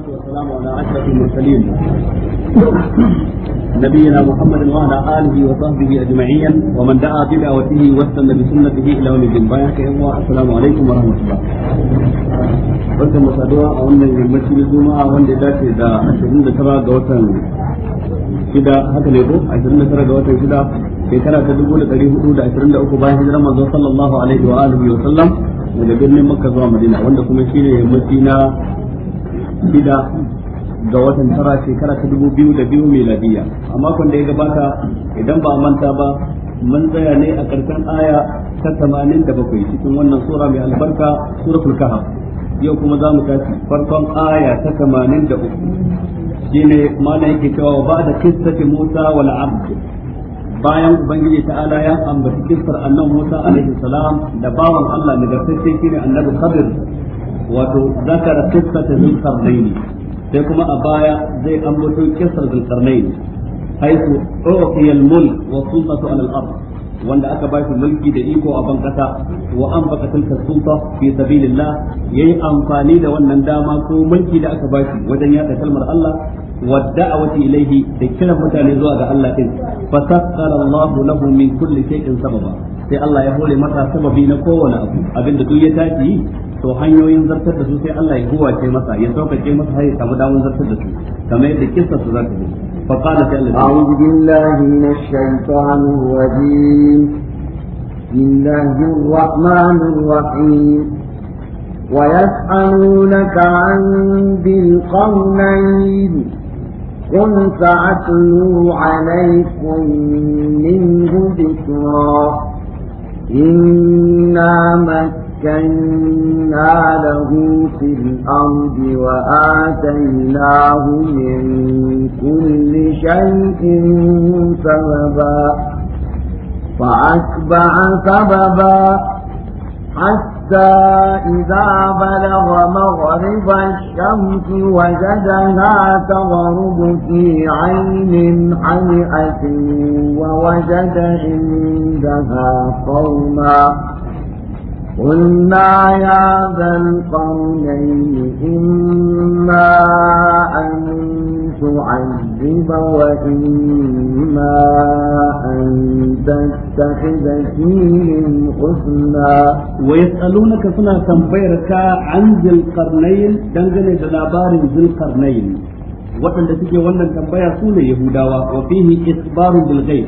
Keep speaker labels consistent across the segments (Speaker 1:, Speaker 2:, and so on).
Speaker 1: والصلاة والسلام على أشرف المرسلين نبينا محمد وعلى آله وصحبه أجمعين ومن دعا بدعوته واستنى بسنته إلى يوم الدين بارك السلام عليكم ورحمة الله barkan mu saduwa a wannan yammaci na juma'a ya dace da 29 ga watan shida haka ne 1423 wa alihi wa sallam daga birnin makka zuwa madina wanda kuma shida ga watan tara shekara ta dubu biyu da biyu miladiya a makon da ya gabata idan ba manta ba mun tsaya ne a ƙarshen aya ta tamanin da bakwai cikin wannan sura mai albarka suratul kahf yau kuma za mu tashi farkon aya ta tamanin da uku shi ne mana yake cewa ba da kissati musa wani abd bayan ubangiji ala ya ambaci kistar annan musa alaihi salam da bawan allah da shi ne annabi khadir wato zakara qissata zul qarnayn sai kuma a baya zai ambato qissar zul qarnayn haythu uqiya al wa sultatu ala al ard wanda aka ba shi mulki da iko a ban kasa wa an baka tilka sulta fi sabilillah yayi amfani da wannan dama ko mulki da aka ba shi wajen yaɗa kalmar Allah والدعوة إليه ذكر متى لزوا الله إن فسخر الله له من كل شيء سببا sai Allah ya hore masa sababi na kowane abu abinda duk ya yi. to hanyoyin zartar da su sai Allah ya huwace masa ya sauƙaƙe masa har ya samu damar zartar da su kamar yadda kissa su zata zo fa
Speaker 2: qala ta ويسألونك عن ذي القرنين قل أتلو عليكم منه ذكرا إنا مكنا له في الأرض وآتيناه من كل شيء سببا فأتبع سببا حتى حتى إذا بلغ مغرب الشمس وجدها تغرب في عين حمئة ووجد عندها قوما قلنا يا ذا القرنين إما أن تعذب وإما
Speaker 1: أن تتخذ فيهم حسنا ويسألونك سنة تنبيرك عن ذي القرنين دنجل جلابار ذي القرنين وأن تتكي وأن تنبير سنة يهودا وفيه إخبار بالغيب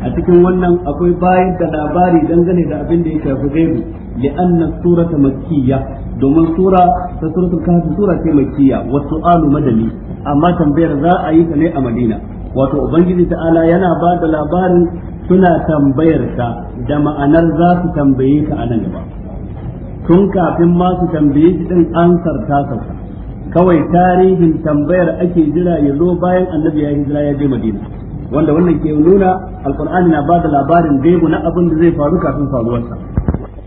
Speaker 1: a cikin wannan akwai bayar da labari dangane da abin da ya shafi gaibi li'anna surata makkiya domin sura ta suratul kafin sura ce makkiya wa su'alu madani amma tambayar za a yi ta ne a madina wato ubangiji ta'ala yana ba da labarin suna tambayar ka da ma'anar za su tambaye ka a nan gaba tun kafin ma su tambaye shi din ansar ta sauka kawai tarihin tambayar ake jira ya zo bayan annabi ya hijira ya je madina wanda wannan ke nuna alkur'ani na bada labarin gaibu na abin da zai faru kafin faruwarsa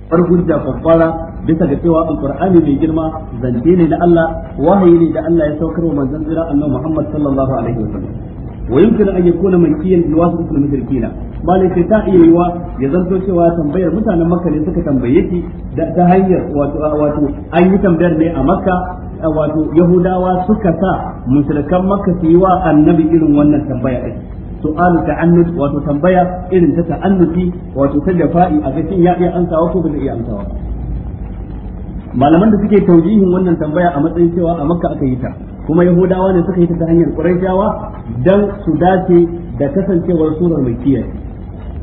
Speaker 1: far hujja kwakwara bisa ga cewa alkurani mai girma zance ne na Allah wahayi ne da Allah ya saukar wa manzon jira annabi Muhammad sallallahu alaihi wasallam ويمكن أن يكون منكيا لواسطة المشركين ba ne sai ta iya yiwa ya zanto cewa tambayar mutanen makka ne suka tambaye shi da ta hanyar wato an yi tambayar ne a makka wato yahudawa suka sa mushrikan makka su yi wa annabi irin wannan tambaya ɗin su'alu ta'annud wato tambaya irin ta ta'annuti wato ta jafa'i a cikin ya iya amsawa ko ba zai iya amsawa malaman da suke taujihin wannan tambaya a matsayin cewa a makka aka yi ta kuma yahudawa ne suka yi ta ta hanyar quraishawa don su dace da kasancewar surar mai kiyaye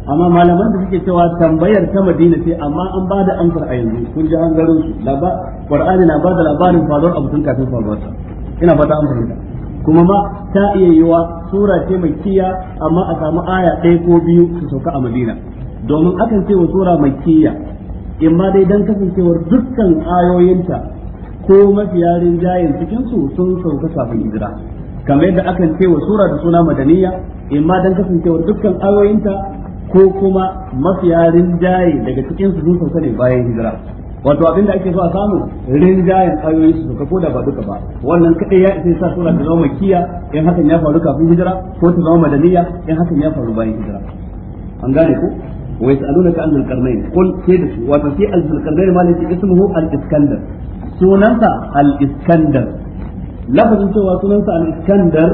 Speaker 1: amma malaman da suke cewa tambayar ta madina ce amma an ba da amsar a yanzu kun ji an garin su qur'ani na ba da labarin faruwar abu tun kafin faruwarsa ina fata an fahimta kuma ma ta iya yiwa sura ce mai kiyya amma a samu aya ɗaya ko biyu su sauka a madina domin akan ce wa sura mai kiyya in ma dai dan kasancewar dukkan ayoyinta ko mafiya rinjayen cikin su sun sauka kafin hijira kamar yadda akan ce wa sura da suna madaniya in ma dan kasancewar dukkan ayoyinta ko kuma mafiya rinjaye daga cikin su sun sauka ne bayan hijira wato abin da ake so a samu rinjayen ayoyi su ka koda ba duka ba wannan kadai ya isa sa sura ta zama makiya in hakan ya faru kafin hijira ko ta zama madaniya in hakan ya faru bayan hijira an gane ko wa yas'alunaka an zulqarnain qul sai da su wato sai al-zulqarnain ma ne ismuhu al-iskandar sunansa al-iskandar lafazin cewa sunansa al-iskandar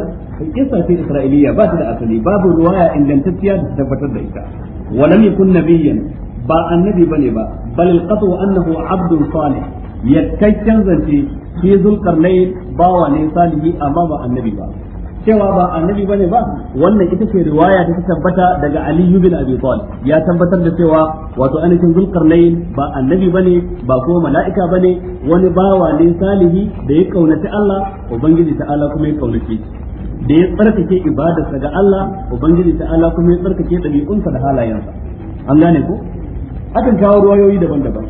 Speaker 1: kisa ce isra'iliya ba ta da asali babu ruwaya ingantacciya da tabbatar da ita ولم يكن نبيا ba annabi bane ba bal alqatu annahu abdul salih yattakken zance shi zulkarnai bawa ne salihi amma ba annabi ba cewa ba annabi bane ba wannan ita ce riwaya ta tabbata daga Ali ibn Abi Talib ya tabbatar da cewa wato anakin zulkarnain ba annabi bane ba ko mala'ika bane wani bawa ne salihi da ya kaunaci Allah ubangiji ta'ala kuma ya kaunace da ya tsarkake ibadarsa ga Allah ubangiji ta'ala kuma ya tsarkake dabi'unsa da halayensa an gane ko akan kawo ruwayoyi daban-daban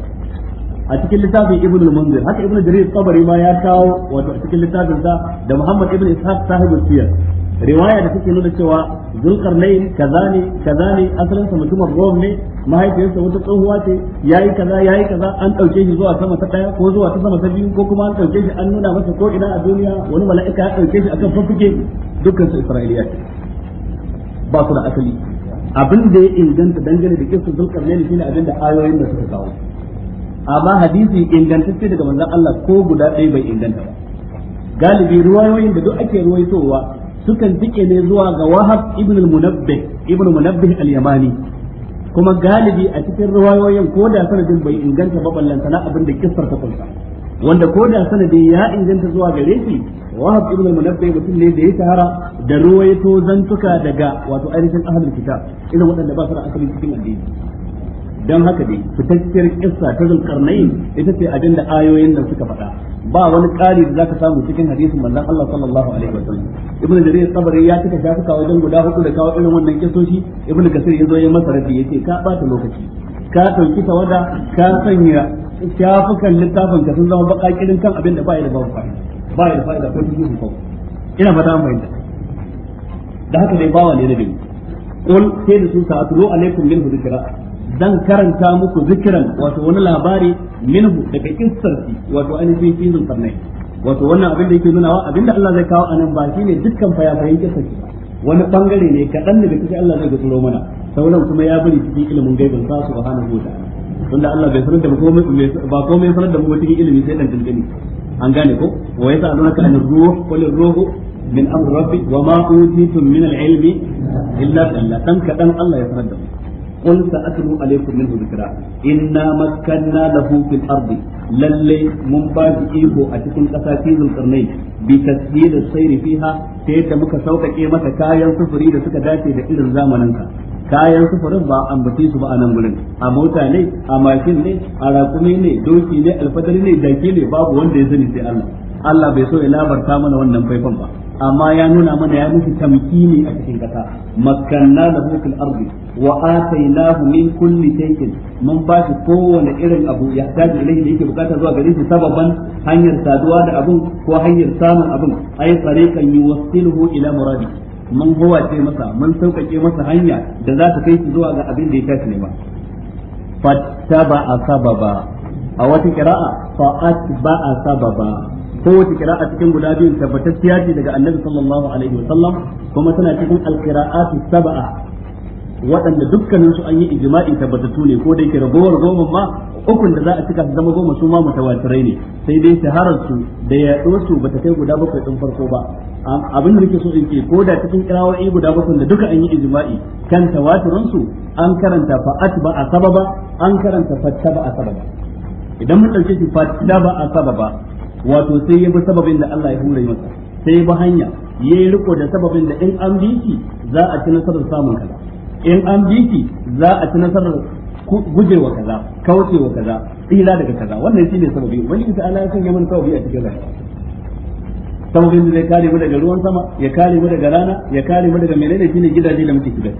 Speaker 1: a cikin littafin ibn al-munzir haka ibn jarir tabari ma ya kawo wato a cikin littafin sa da muhammad ibn ishaq sahibul siyar riwaya da take nuna cewa zulkarnain kaza ne kaza ne asalin sa mutumin rom ne mahaifiyarsa wata tsohuwa ce yayi kaza yayi kaza an dauke shi zuwa sama ta daya ko zuwa ta sama ta biyu ko kuma an dauke shi an nuna masa ko ina a duniya wani mala'ika ya dauke shi akan faffuke dukkan su isra'iliya ba su da asali abin da ya inganta dangane da kisan zulkarnaini shine abin da ayoyin da suka kawo amma hadisi ingantacce daga manzon Allah ko guda ɗaya bai inganta ba galibi ruwayoyin da duk ake ruwaitowa sukan tike ne zuwa ga Wahab ibn al-Munabbih ibn Munabbih al-Yamani kuma galibi a cikin ruwayoyin ko da sanadin bai inganta ba ballantana abin da kissar ta kunsa wanda ko da sanadi ya inganta zuwa gare shi wahab ibn al-munabbih mutum ne da ya tahara da ruwaito zantuka daga wato ainihin ahlul kitab irin waɗanda ba su da asalin cikin addini dan haka dai fitacciyar kissa ta zulkarnain ita ce abin da ayoyin nan suka faɗa ba wani ƙari da zaka samu cikin hadisin manzon Allah sallallahu alaihi wasallam Ibn jarir sabari ya tuka shafuka wajen guda huɗu da kawo irin wannan kissoshi Ibn kasir ya ya masa rabbi yace ka ɓata lokaci ka dauki tawada ka sanya shafukan littafin ka sun zama baka kirin kan abin da ba ya da babu fa'ida ba ya da fa'ida ko cikin ko ina fata an bayyana da haka dai bawa ne da bin qul sai da su sa'atlu alaikum minhu dhikra dan karanta muku zikiran wato wani labari minhu daga kissarki wato an ainihin fizin farnai wato wannan abin da yake nuna wa abin da Allah zai kawo anan ba shine dukkan fayafayin kissarki wani bangare ne kaɗan daga cikin Allah zai gutsuro mana sauran kuma ya bari cikin ilimin gaibin sa subhanahu wa ta'ala tunda Allah bai sanar da mu ba komai sanar da mu cikin ilimi sai dan dangane an gane ko wa yasa annaka an ruh qul ruhu min amr rabbi wa ma utitum min al-ilmi illa qalila dan kadan Allah ya sanar da mu قل سأتلو عليكم منه ذكرا إنا مكنا له في الأرض للي منباج إيكو أتكن أساتيز القرنين بتسهيل السير فيها تيتا مكا سوكا إيمتا كايا صفري لسكا داتي لإذن زامننكا kayan sufurin ba bace su ba a nan gurin a mota ne a mashin ne a rakumi ne doki ne alfadari ne jaki ne babu wanda ya sani sai Allah Allah bai so ya labarta mana wannan faifan ba amma ya nuna mana ya musu tamkini a cikin kasa makanna da hukul ardi wa ataynahu min kulli shay'in mun ba shi kowane irin abu ya taji ilahi da yake bukata zuwa gare shi sababan hanyar saduwa da abun ko hanyar samun abun ay tariqan yuwassiluhu ila muradihi mun ce masa mun sauƙaƙe masa hanya da za ta kai su zuwa ga abin da ya tashi ne ba fattaba ba a wata kira'a fa Saba ba ko wata kira'a cikin guda biyun tabbatacciya ce daga annabi sallallahu alaihi sallam kuma tana cikin alqira'atu sab'a waɗanda dukkanin su an yi ijma'i tabbatattu ne ko da yake ragowar goma ma ukun da za a cika su zama goma su ma mutawatirai ne sai dai shaharar su da ya su bata kai guda bakwai din farko ba abin da nake so in ce ko da cikin kirawoyi guda bakwai da duka an yi ijma'i kan tawatirun su an karanta fa atba a sababa an karanta fa taba a sababa idan mun dauke shi fa taba a sababa wato sai ya bi sababin da Allah ya hura masa sai ya bi hanya yayi riko da sababin da in an bi shi za a ci nasarar samun kaza in an bi shi za a ci nasarar gujewa kaza kaucewa kaza tsira daga kaza wannan shine sababi ubangiji ta ala kan yaman sababi a cikin rayuwa sababin da zai kare mu daga ruwan sama ya kare mu daga rana ya kare mu daga menene shine gidaje da muke shiga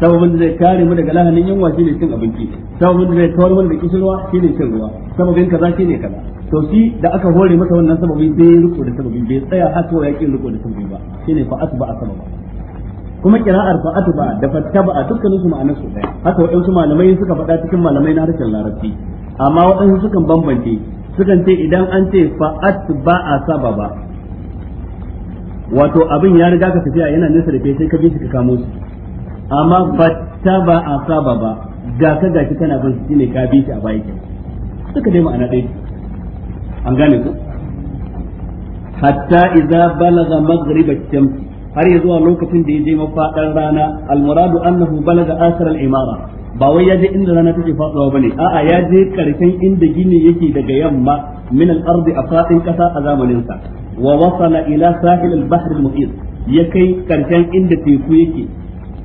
Speaker 1: sababin da zai kare mu daga lahanin yunwa shine cin abinci sababin da zai kawar mu daga kishirwa shine cin ruwa sababin kaza shine kaza to shi da aka hore masa wannan sababi sai ya riko da sababi bai tsaya har ya ya riko da sababi ba shine fa asba ba. kuma kira'ar fa atba da fattaba dukkanin su ma'anar su daya haka waɗansu malamai suka faɗa cikin malamai na harshen larabci amma waɗansu sukan bambance sukan ce idan an ce fa atba sababa wato abin ya riga ka tafiya yana nesa da kai sai ka bi shi ka kamo su, amma fattaba sababa ga ka gashi kana bin shi ne ka bi shi a baya suka dai ma'ana ɗaya an gane ku hatta idza balagha maghribat shamsi har ya zuwa lokacin da ya je mafaɗar rana almuradu annahu balaga asar al'imara ba wai ya je inda rana take faɗuwa ne a'a ya je karshen inda gini yake daga yamma min al a faɗin ƙasa a zamanin sa wa wasala ila sahil al-bahr al-muhit ya kai karshen inda teku yake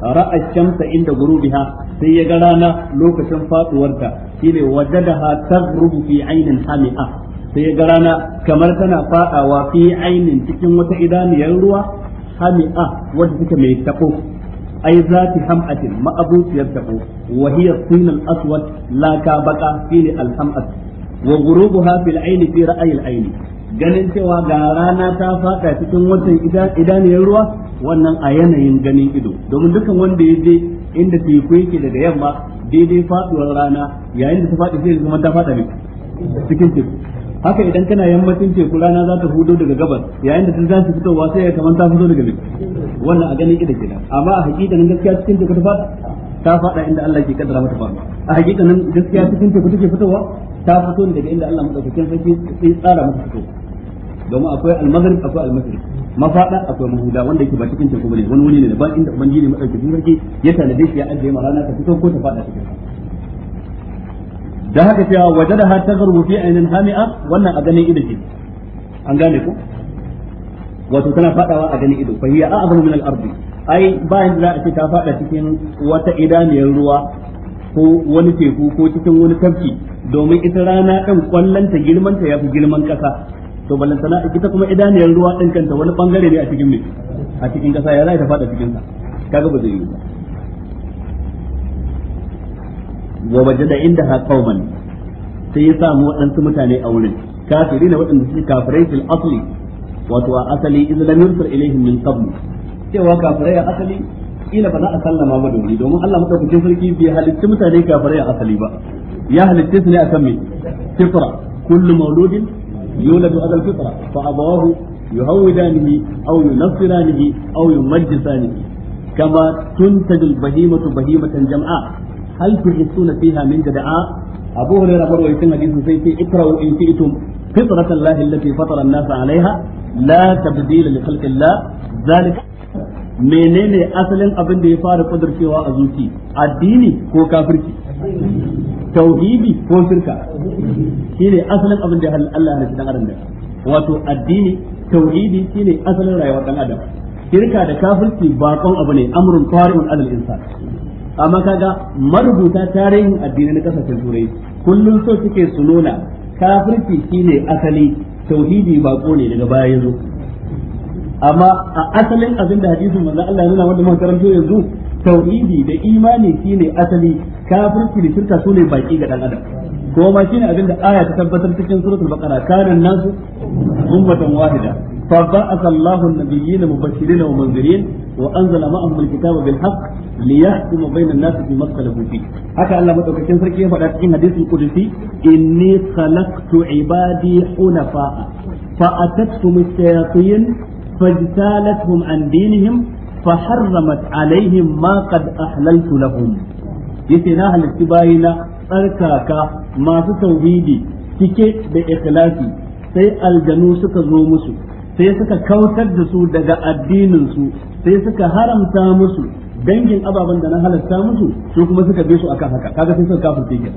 Speaker 1: ra'a shamsa inda gurubiha sai ya ga rana lokacin faduwarta shine wajadaha taghrubu fi ainin hami'a sai ya ga rana kamar tana fadawa fi ainin cikin wata idaniyar ruwa hami'a wadda take mai tabo ai zati ham'atin ma'abuciyar tabo wa hiya sinal aswad la ka baka fili alham'at wa ghurubuha fil ayn fi ra'yi al ganin cewa ga rana ta fada cikin wannan idaniyar ruwa wannan a yanayin ganin ido domin dukan wanda ya je inda teku yake daga yamma daidai faduwar rana yayin da ta faɗi sai kuma ta fada ne cikin teku haka idan kana yammacin teku rana za ta hudo daga gabas yayin da ta za su fitowa sai ya kamar ta fito daga mai wannan a ganin ida kenan amma a hakikanin gaskiya cikin teku ta ta fada inda Allah ke kaddara mata fada a hakikanin gaskiya cikin teku take fitowa ta fito ne daga inda Allah madaukakin sarki sai tsara mata fito domin akwai al-maghrib akwai al-maghrib mafada akwai mahuda wanda yake ba cikin teku bane wani wuri ne da ba inda ubangiji madaukakin sarki ya tanade shi ya ajiye ma rana ta fito ko ta fada cikin da haka cewa wajadaha taghrubu fi ainin hami'a wannan a ganin ido ce an gane ku? wato tana fadawa a ganin ido fa hiya a'zamu min al-ard ai bayan da za a ce ta fada cikin wata idaniyar ruwa ko wani teku ko cikin wani tafki domin ita rana ɗin kwallanta girmanta ya fi girman ƙasa to ballantana ita kuma idaniyar ruwa ɗin kanta wani ɓangare ne a cikin mai a cikin ƙasa ya za ta fada cikin sa kaga ba zai yi ba wa wajada inda ha qauman sai ya samu waɗansu mutane a wurin kafiri na waɗanda suke kafirai fil asli wato a asali idza lam yunsur ilaihim min qabl cewa kafirai a asali kila ba a sallama ba da domin Allah madaukakin sarki bai halitta mutane kafirai a asali ba ya halitta su ne akan me fitra kullu mauludin yuladu ala fitra fa abawahu yuhawidanihi aw bahimatu bahimatan jama'a? hal tuhissuna fiha min jada'a abu hurairah marwayin hadisin sai ce ikra'u in fi'tum فطرة الله التي فطر الناس عليها لا تبديل لخلق الله ذلك menene asalin abin da ya fara kudurcewa a zuci addini ko kafirci tauhidi ko shirka shine asalin abin da Allah ya wato addini tauhidi shine asalin rayuwar dan adam shirka da kafirci bakon abu ne amrun qari'un alal insan amma kaga marubuta tarihin addini na kasashen turai kullum so suke su nuna kafirci shine asali tauhidi bako ne daga baya yazo amma a asalin abin da hadisin manzo Allah ya nuna wanda muka karanto yanzu tauhidi da imani shine asali kafirci da shirka sune baki ga dan adam ko ma shine abinda aya ta tabbatar cikin suratul baqara kana nasu ummatan wahida فبعث wa النبيين مبشرين ومنذرين وانزل معهم الكتاب بالحق ليحكم بين الناس فيما اختلفوا فيه haka Allah madaukakin sarki ya faɗa cikin hadisin qudsi inni khalaqtu ibadi hunafa fa atatum ash-shayatin fajtalathum an dinihim fa harramat alaihim ma qad ahlaltu lahum yace na halitti bayina tsarkaka masu tauhidi cike da ikhlasi sai aljanu suka zo musu sai suka kautar da su daga addininsu sai suka haramta musu dangin ababen da na halatta musu su kuma suka bi su akan haka kaga sai suka kafirce ke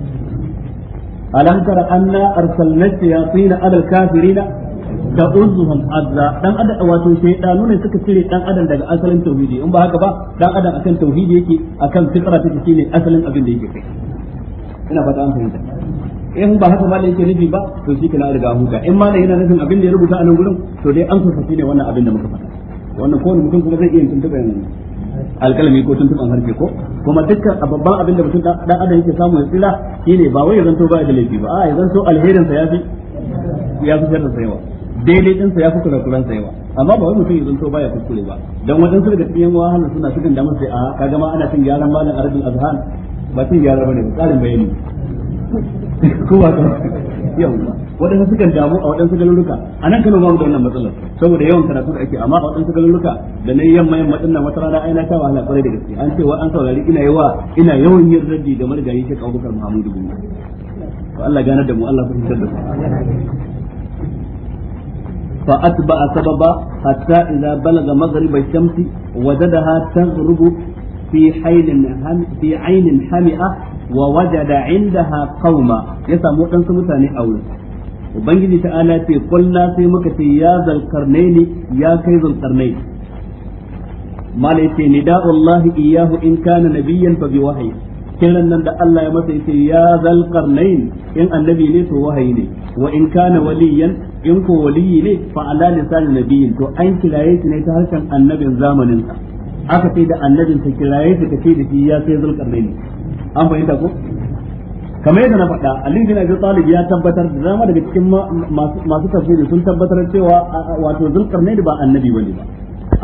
Speaker 1: alam tara anna arsalna shayatin ala al-kafirina da uzuhum azza dan adam wato shaydanu ne suka cire dan adam daga asalin tauhidi in ba haka ba dan adam akan tauhidi yake akan fitra take shine asalin abin da yake kai ina fata an fahimta in ba haka malai yake nufi ba to shi kana riga huka in malai yana nufin abin da ya rubuta a nan gurin to dai an sassa ne wannan abin da muka faɗa wannan kowane mutum kuma zai iya tuntuɓen alkalami ko tuntuɓen harshe ko kuma dukkan babban abin da mutum dan adam yake samu ya tsira ne ba wai ya zanto ba da laifi ba a ya zanto alherin sa yafi ya fi sharrin sa yawa daidai din sa yafi kurakuran sa yawa amma ba wai mutum ya zanto ya kuskure ba dan wadansu daga cikin wahala suna sukan damar sai a kaga ma ana cin gyaran malam arabin azhan ba cin gyara ne ba tsarin bayani kowa yawa waɗansu suka damu a waɗansu galuruka a nan kano ma da wannan matsalar saboda yawan karatu da ake amma a waɗansu galuruka da na yamma yamma din nan wata rana ai na tawa ana kwarai da gaske an ce wa an saurari ina yawa ina yawan yin raddi da gari ke kawukar Muhammadu Gumi to Allah ganar da mu Allah fitar da mu فأتبع سببا حتى إذا بلغ مغرب الشمس وجدها تغرب في حين fi عين حمئة wa wajada indaha qauma ya samu wadansu mutane aure? wurin ubangiji ta'ala ce kullu sai muka ce ya zalkarnaini ya kai zalkarnaini mala yace nida'ullahi iyyahu in kana kiran nan da Allah ya masa yace ya zalqarnain in annabi ne to wahayi ne wa in kana waliyan in ko waliyi ne fa ala lisan nabiyyin to an kiraye shi ne ta harshen annabin zamanin sa aka ce da annabin sa kiraye shi kace da shi ya sai zalqarnain an fahimta ko kamar yadda na faɗa Ali bin Abi Talib ya tabbatar da zama daga cikin masu tafsiri sun tabbatar cewa wato Zulkarnain ba annabi bane ba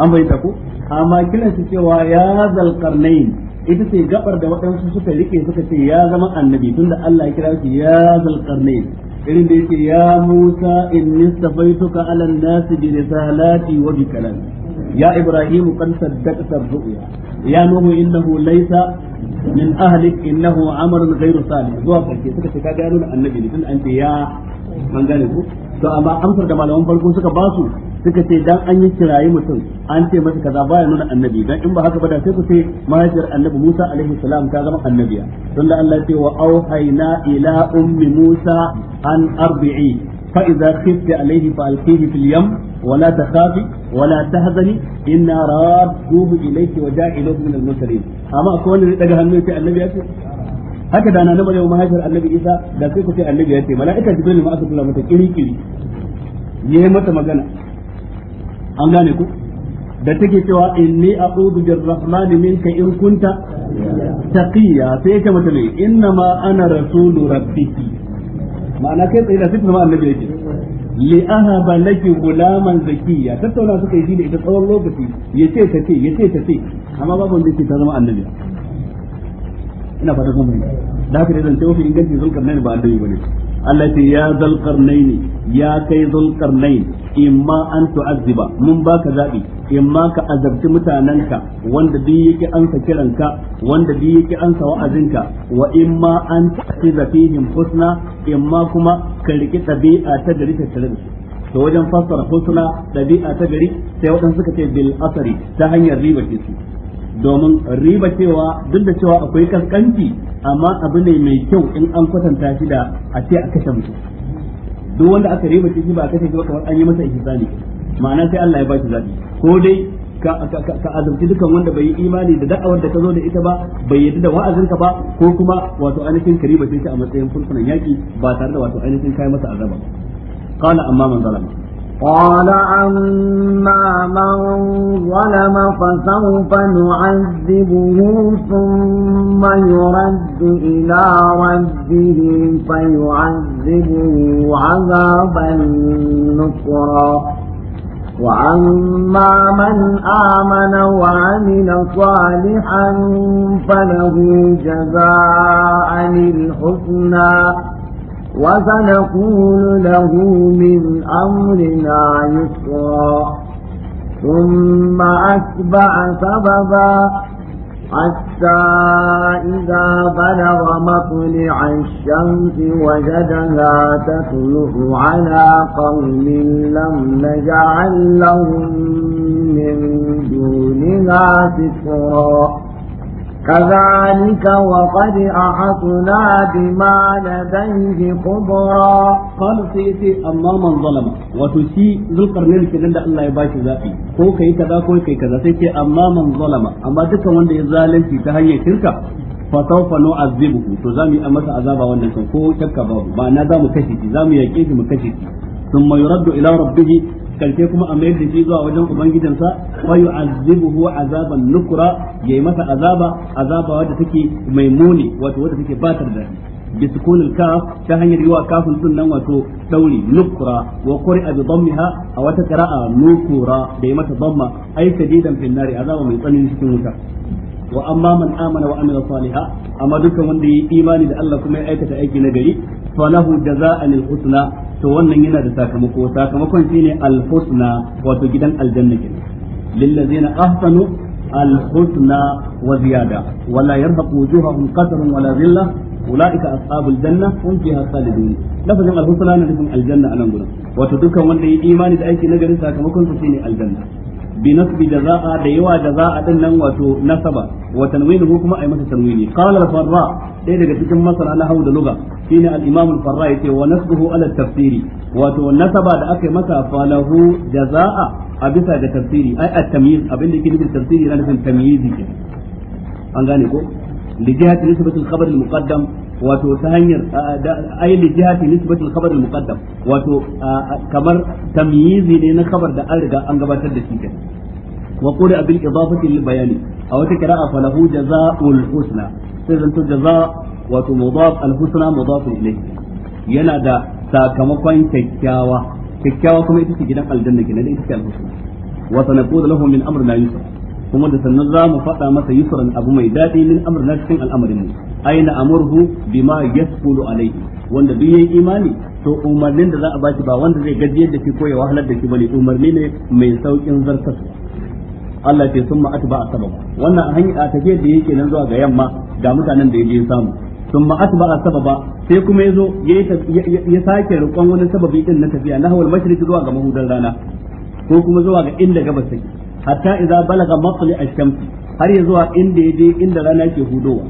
Speaker 1: an bayyana ko amma kiran su cewa ya Zulkarnain ita ce gabar da waɗansu suka rike suka ce ya zama annabi tunda Allah ya kira shi ya Zulkarnain irin da yake ya Musa inni safaituka ala nasi bi risalati wa bi kalami ya Ibrahim kan saddaqta ru'ya ya Nuhu innahu laysa min ahlik innahu amalun ghairu salih zuwa farke suka ce kaga nuna annabi ne tunda an ce ya an gane ku to amma amsar da malaman farko suka ba su suka ce dan an yi kirayi mutum an ce masa kaza baya nuna annabi dan in ba haka ba da sai ku ce mahaifiyar annabi Musa alaihi salam ta zama annabiya tunda Allah ya ce wa auhayna ila ummi Musa an arbi'i فإذا خفت عليه فألقيه في اليم ولا تخافي ولا تهزني إنا رادوه إليك وجاعلوه من المرسلين أما أكون لدغه النبي النبي يأتي هكذا أنا نبغي ومهاجر النبي إيسى da sai ku ce annabi ya ce mala'ika jibril ma aka kula mata kiri mata magana an gane ku da take cewa inni a'udhu birrahman minka in kunta taqiya sai ta mata inna ma ana rasulu rabbiki ma'ana kai tsaye da sifin ma annabi yake li ahaba laki gulaman zakiya tattauna suka yi da ita tsawon lokaci yace ta ce yace ta ce amma babu wanda yake ta zama annabi ina fata kuma fahimta da haka dai zan ce wafi inganci zulkarnain ba annabi bane allati ya zal qarnaini ya kai zal qarnain imma an tu'azziba mun baka zabi imma ka azabci mutananka wanda duk yake ansa kiranka wanda duk yake ansa wa'azinka wa imma an taqiza fihim husna imma kuma ka riki tabi'a ta gari ta tare to wajen fassara husna dabi'a ta gari sai waɗansu suka ce bil asari ta hanyar riba ke su domin riba cewa duk da cewa akwai kaskanci amma abu ne mai kyau in an kwatanta shi da a ce a kashe mutum duk wanda aka riba shi ba a kashe shi ba kamar an yi masa ihsani ma'ana sai Allah ya ba shi zabi ko dai ka azabci dukan wanda bai yi imani da da'awar da ka zo da ita ba bai yadda da wa'azinka ba ko kuma wato ainihin ka riba shi a matsayin fursunan yaki ba tare da wato ainihin kai masa azaba qala amma man zalama قال
Speaker 2: أما من ظلم فسوف نعذبه ثم يرد إلى ربه فيعذبه عذابا نكرا وأما من آمن وعمل صالحا فله جزاء للحسنى وسنقول له من أمرنا يسرا ثم أتبع سببا حتى إذا بلغ مطلع الشمس وجدها تطلع على قوم لم نجعل لهم من دونها سترا كذلك وقد أحطنا بما لديه
Speaker 1: خبرا قال سيسي أما من ظلم وتشي ذو القرنين كذن دا الله يباشي ذاتي هو كي كذا كوي كي كذا سيسي أما من ظلم أما دكا وند يزالن في تهيئ شركة فسوف نعذبه تزامي أمس عذابا وانا كو شكا بابا ما نظام كشتي زامي يكيش مكشتي ثم يرد إلى ربه karshe kuma a mayar da shi zuwa wajen ubangijinsa fa yu'azzibuhu azaban nukra yayi masa azaba azaba wadda take mai muni wato wadda take batar da bi sukunil kaf ta hanyar yiwa kafin sun nan wato dauri nukra wa qur'a bi dammiha a wata qira'a nukura da yi mata damma ay sadidan fil nari azaba mai tsanani cikin wuta wa amma man amana wa amila saliha amma dukkan wanda yi imani da Allah kuma ya aikata aiki na gari falahu jaza'an al-husna to wannan yana da sakamako sakamakon shine al-husna wato gidan aljanna kenan lillazina ahsanu al-husna wa ziyada wala yarhaqu wujuhahum qatarun wala dhilla ulaika ashabul janna hum fiha khalidun lafazin al-husna na nufin aljanna anan gurin wato dukkan wanda yi imani da aiki na gari sakamakon su shine aljanna bi nasbi jazaa da yawa da din nan wato nasaba wa tanwinuhu kuma ay masa tanwini qala al-farra dai daga cikin masar ala hawda luga shine al-imam al-farra yace wa nasbuhu ala tafsiri wato nasaba da aka masa falahu jazaa a bisa da tafsiri ai at-tamyiz abin da yake nufin an gane ko wato ta hanyar ayyul jihati nisbati al-khabar al-muqaddam wato kamar tamyizi ne na khabar da an riga an gabatar da shi kenan wa qura bil idafati lil bayani aw ta qira'a falahu jazaa'ul husna sai zanto jazaa wato mudaf al-husna mudaf ilayhi yana da sakamakon kyakkyawa kyakkyawa kuma ita ce gidan aljanna kenan ita ce al-husna wa sanaqulu lahum min amrina yusra kuma da sannan za mu faɗa masa yusran abu mai daɗi min amrina cikin al'amarin mu aina amurhu bima yasqulu alayhi wanda duk yayin imani to umarnin da za a bashi ba wanda zai gajiyar da shi ko ya wahalar da shi bane umarni ne mai saukin zartas Allah ce summa atba sabab wannan hanya a tafiyar da yake nan zuwa ga yamma ga mutanen da yaje samu summa atba sababa sai kuma yazo ya sake rikon wani sababi din na tafiya na nahwal mashriq zuwa ga mahudan rana ko kuma zuwa ga inda gabas take hatta idza balaga matli ash-shams har ya zuwa inda yaje inda rana ke hudowa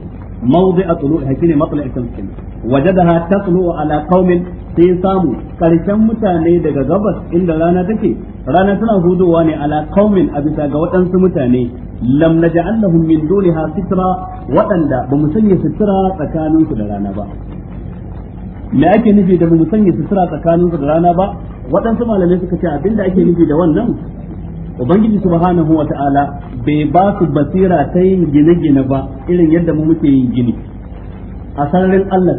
Speaker 1: mawdi'a tulu'iha shine matli ash-shams kin wajadaha tatlu'u ala qaumin sai samu karshen mutane daga gabas inda rana take rana tana hudowa ne ala qaumin a bisa ga waɗansu mutane lam naj'al lahum min duniha sitra waɗanda ba mu sanya sitra tsakaninsu da rana ba me ake nufi da mu sanya sutura tsakanin su da rana ba waɗansu malamai suka ce abinda ake nufi da wannan ubangiji subhanahu ta'ala bai ba su basira ta yin gine-gine ba irin yadda mu muke yin gini a sararin Allah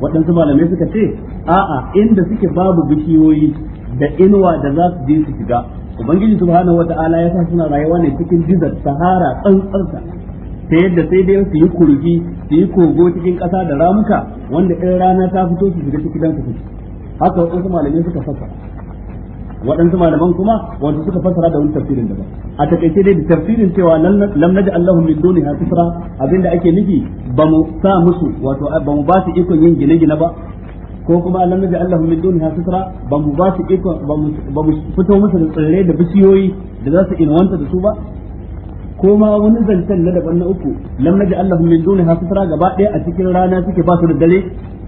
Speaker 1: waɗansu malamai suka ce a'a inda suke babu bishiyoyi da inuwa da za su je su shiga ubangiji subhanahu ta'ala ya sa suna rayuwa ne cikin dizar sahara tsantsarta ta yadda sai dai su yi kurgi su yi kogo cikin ƙasa da ramuka wanda in rana ta fito su shiga cikin dan su haka waɗansu malamai suka fasa waɗansu malaman kuma wanda suka fassara da wani tafsirin daban a takaice dai da tafsirin cewa lam naji Allahu min duni hasira abinda ake nufi ba mu sa musu wato ba mu ba su ikon yin gine-gine ba ko kuma lam naji Allahu min duni hasira ba mu ba su ikon ba mu fito musu da tsirrai da bishiyoyi da za su inwanta da su ba ko ma wani zancen na daban na uku lam naji Allahu min duni hasira gaba ɗaya a cikin rana suke ba su da dare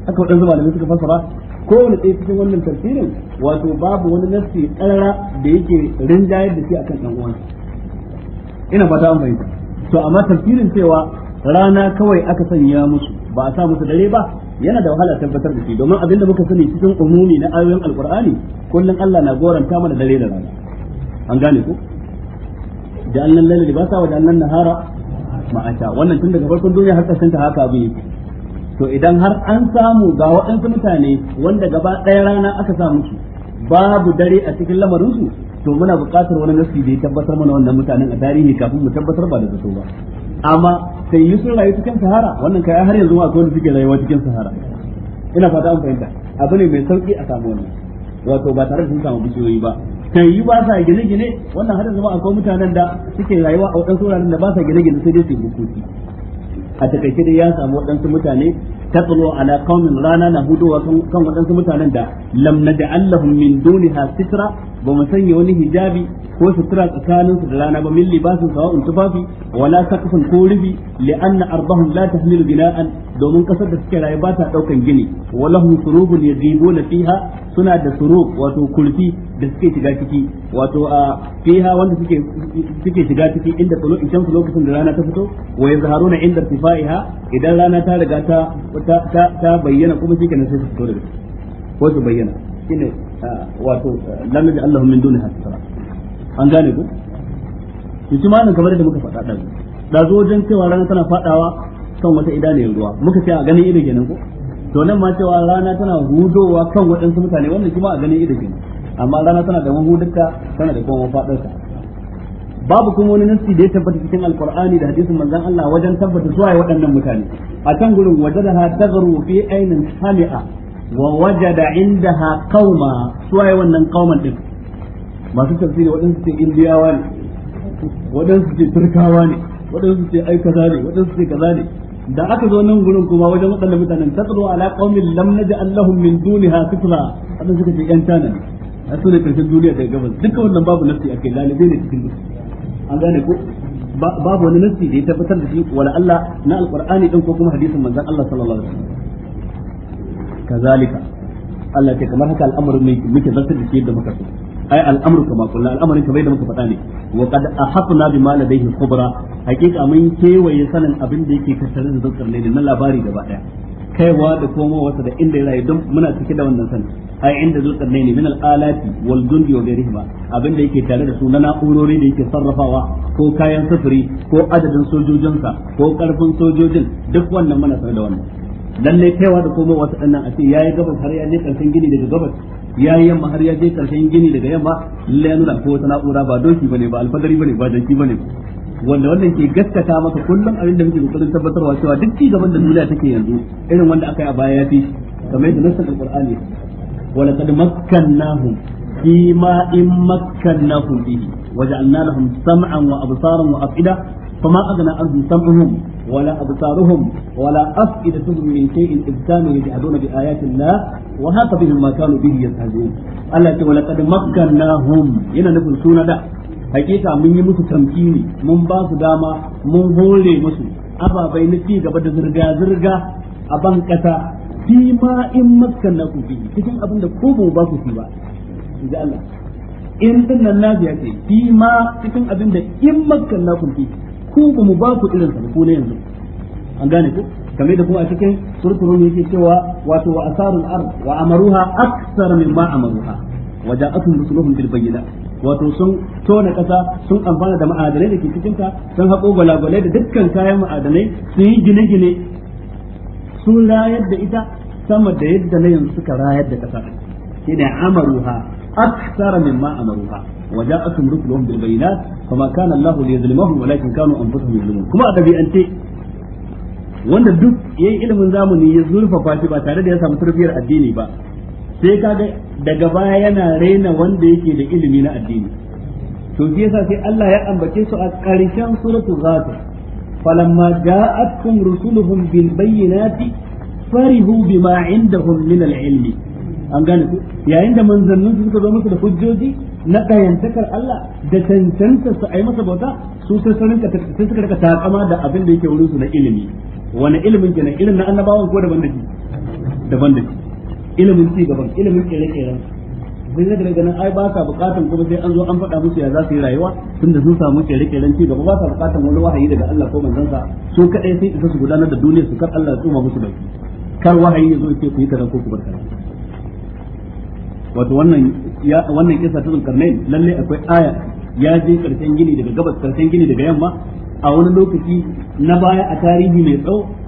Speaker 1: haka waɗansu malamai suka fassara kowane ɗaya cikin wannan tafsirin wato babu wani nassi karara da yake rinjayar da shi akan ɗan uwan ina fata an fahimta to amma tafsirin cewa rana kawai aka sanya musu ba a sa musu dare ba yana da wahala tabbatar da shi domin abin da muka sani cikin umumi na ayoyin alkur'ani kullum Allah na goranta mana dare da rana an gane ko da annan lalle sa wa da annan nahara ma'ata wannan tun daga farkon duniya har ƙarshen ta haka abin yake to idan har an samu ga waɗansu mutane wanda gaba ɗaya rana aka samu su babu dare a cikin lamarinsu to muna buƙatar wani nasi da ya tabbatar mana wannan mutanen a tarihi kafin mu tabbatar ba da zato ba amma sai yi sun rayu cikin sahara wannan kai har yanzu akwai wanda suke rayuwa cikin sahara ina fata an fahimta abu ne mai sauki a samu wannan wato ba tare da sun samu bishiyoyi ba kan yi ba sa gine-gine wannan har yanzu akwai mutanen da suke rayuwa a waɗansu wuraren da ba sa gine-gine sai dai su yi bukuti a takaice dai ya samu waɗansu mutane tatlu ala qaumin rana na hudowa kan waɗansu mutanen da lam naj'al lahum min duniha sitra ba sanya wani hijabi ko sutura tsakanin su da rana ba min libasin sawa'un tufafi wala saqfun ko rubi li'anna ardahum la tahmilu bina'an domin kasar da suke rayu ba ta daukan gini walahum surubun yaghibuna fiha suna da surub wato kulfi da suke shiga ciki wato a fiha wanda suke suke ciki inda tsulo ishan su lokacin da rana ta fito wa yazharuna inda irtifaiha idan rana ta riga ta bayyana kuma shi kenan sai su fito da ko su bayyana shine wato lam yaji Allahu min duni hasara an gane ku to shi ma kamar da muka faɗa da da zo wajen cewa rana tana fadawa kan wata idaniyar ruwa muka ce a ganin ido kenan ko to nan ma cewa rana tana hudowa kan waɗansu mutane wannan shi ma a ganin ido kenan amma rana tana da mahudarta tana da kuma fadarta babu kuma wani nassi da ya tabbata cikin alqur'ani da hadisin manzon Allah wajen tabbata su waye waɗannan mutane a kan gurin wajadaha taghru fi ainin hami'a wa wajada indaha qauma su waye wannan qauman din masu tafsiri waɗansu ce indiyawa ne waɗansu ce turkawa ne waɗansu ce ai kaza ne waɗansu ce kaza ne da aka zo nan gurin kuma wajen waɗannan mutanen tatsaro ala qaumin lam naj'al lahum min duniha sitra hadan suka ce yan tana ne a sunan karshen duniya daga gabas duka wannan babu nafsi akai lalibe ne cikin duniya an gane ko babu wani nassi da ya tabbatar da shi wala Allah na alqur'ani din ko kuma hadisin manzon Allah sallallahu alaihi wasallam kazalika Allah ta kamar haka al'amuru mai muke zartar da shi yadda muka so ai al'amru kama kullu al'amarin kamar yadda muka faɗa ne wa qad ahatna bima ladayhi khubra hakika mun kewaye sanin abin da yake kasance da zakkar ne na labari gaba daya kaiwa da wasa da inda ya rayu don muna cike da wannan sani ai inda zul ne min al-alati wal jundi wa ghairihima abin da yake tare da su na na'urori da yake sarrafawa ko kayan sufuri ko adadin sojojinsa ko karfin sojojin duk wannan muna sanar da wannan lalle kaiwa da wasa din nan a ce yayi gabas har ya je karshen gini daga gabas yayi yamma har ya je karshen gini daga yamma lalle ya nuna ko wata na'ura ba doki bane ba alfadari bane ba jaki bane wanda wannan ke gaskata maka kullum abin da muke kokarin tabbatarwa cewa duk ci gaban da duniya take yanzu irin wanda aka yi a baya ya fi kamar yadda nassan alqur'ani wa laqad makkannahum fi ma in makkannahum bihi waja'alna lahum sam'an wa absaran wa afida فما أغنى عنهم سمعهم ولا أبصارهم ولا أفئدتهم من شيء إذ كانوا يجحدون بآيات الله وهاق بهم ما كانوا به يجحدون الله ولقد مكناهم ينا نكون سونا hakika mun yi musu tamkini mun ba su dama mun hore musu ababai na ci gaba da zirga zirga a ban kasa fi ma in maskan na ku fi cikin abin da ko ba ba ku fi ba inda Allah in din nan na biya ce fi ma cikin abin da in maskan na ku fi ku ba mu ba ku irin sa ko ne yanzu an gane ku kamar da kuma a cikin surturun yake cewa wato wa asarul ard wa amaruha aktsar mimma amaruha wa ja'atun rusuluhum bil bayyinat wato sun tona kasa sun amfana da ma'adanai da ke cikin ta sun haƙo gwalagwalai da dukkan kayan ma'adanai sun yi gine-gine sun rayar da ita sama da yadda na yanzu suka rayar da kasa ne amaruha min ma amaruha wa ja'atum rusuluhum bil bayinat fama kana Allah li yuzlimahum walakin kanu anfusuhum yuzlimun kuma a dabi'ance wanda duk yayin ilimin zamani ya zurfafa shi ba tare da ya samu tarbiyyar addini ba sai kaga daga baya yana raina wanda yake da ilimi na addini to shi yasa sai Allah ya ambace su a ƙarshen suratul ghafir falamma ja'atkum rusuluhum bil bayyinati farihu bima indahum min al ilmi an gane ku yayin da manzannin su suka zo musu da hujjoji na dayantakar Allah da tantanta su ai masa bauta su sai sun rinka sai suka rinka takama da abin da yake wurin su na ilimi wani ilimin kenan irin na annabawan ko daban da shi daban da shi ilimin ci gaban ilimin kere-keren sai zai daga ganin ai ba sa bukatan kuma sai an zo an faɗa musu ya za su yi rayuwa tunda sun samu kere-keren ci gaba ba sa bukatan wani wahayi daga Allah ko manzansa su kadai sai isa su gudanar da duniya su kar Allah ya tsoma musu baki kar wahayi ya zo ya ce ku yi karan ko ku bar karan. wato wannan ya wannan kisa ta zulkarnain lalle akwai aya ya je karshen gini daga gabas karshen gini daga yamma a wani lokaci na baya a tarihi mai tsawo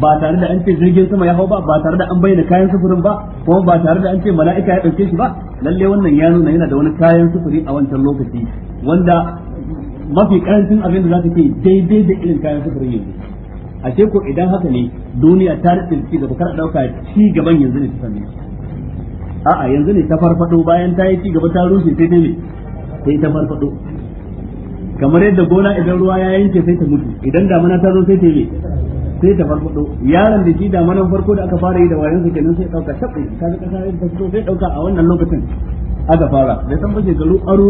Speaker 1: ba tare da an ce jirgin sama ya hau ba ba tare da an bayyana kayan sufurin ba kuma ba tare da an ce mala'ika ya ɗauke shi ba lalle wannan ya nuna yana da wani kayan sufuri a wancan lokaci wanda mafi karancin abin da za ta ke daidai da irin kayan sufurin yanzu a ce ko idan haka ne duniya ta rike ci gaba kar ɗauka ci gaban yanzu ne ta sami a'a yanzu ne ta farfado bayan ta yi ci gaba ta rushe sai dai ne sai ta farfado kamar yadda gona idan ruwa ya yanke sai ta mutu idan damana ta zo sai ta yi sai ta farfado yaron da shi da manan farko da aka fara yi da wayansu kenan sai dauka ta ga kasa da ta fito sai dauka a wannan lokacin aka fara da san bace garu aru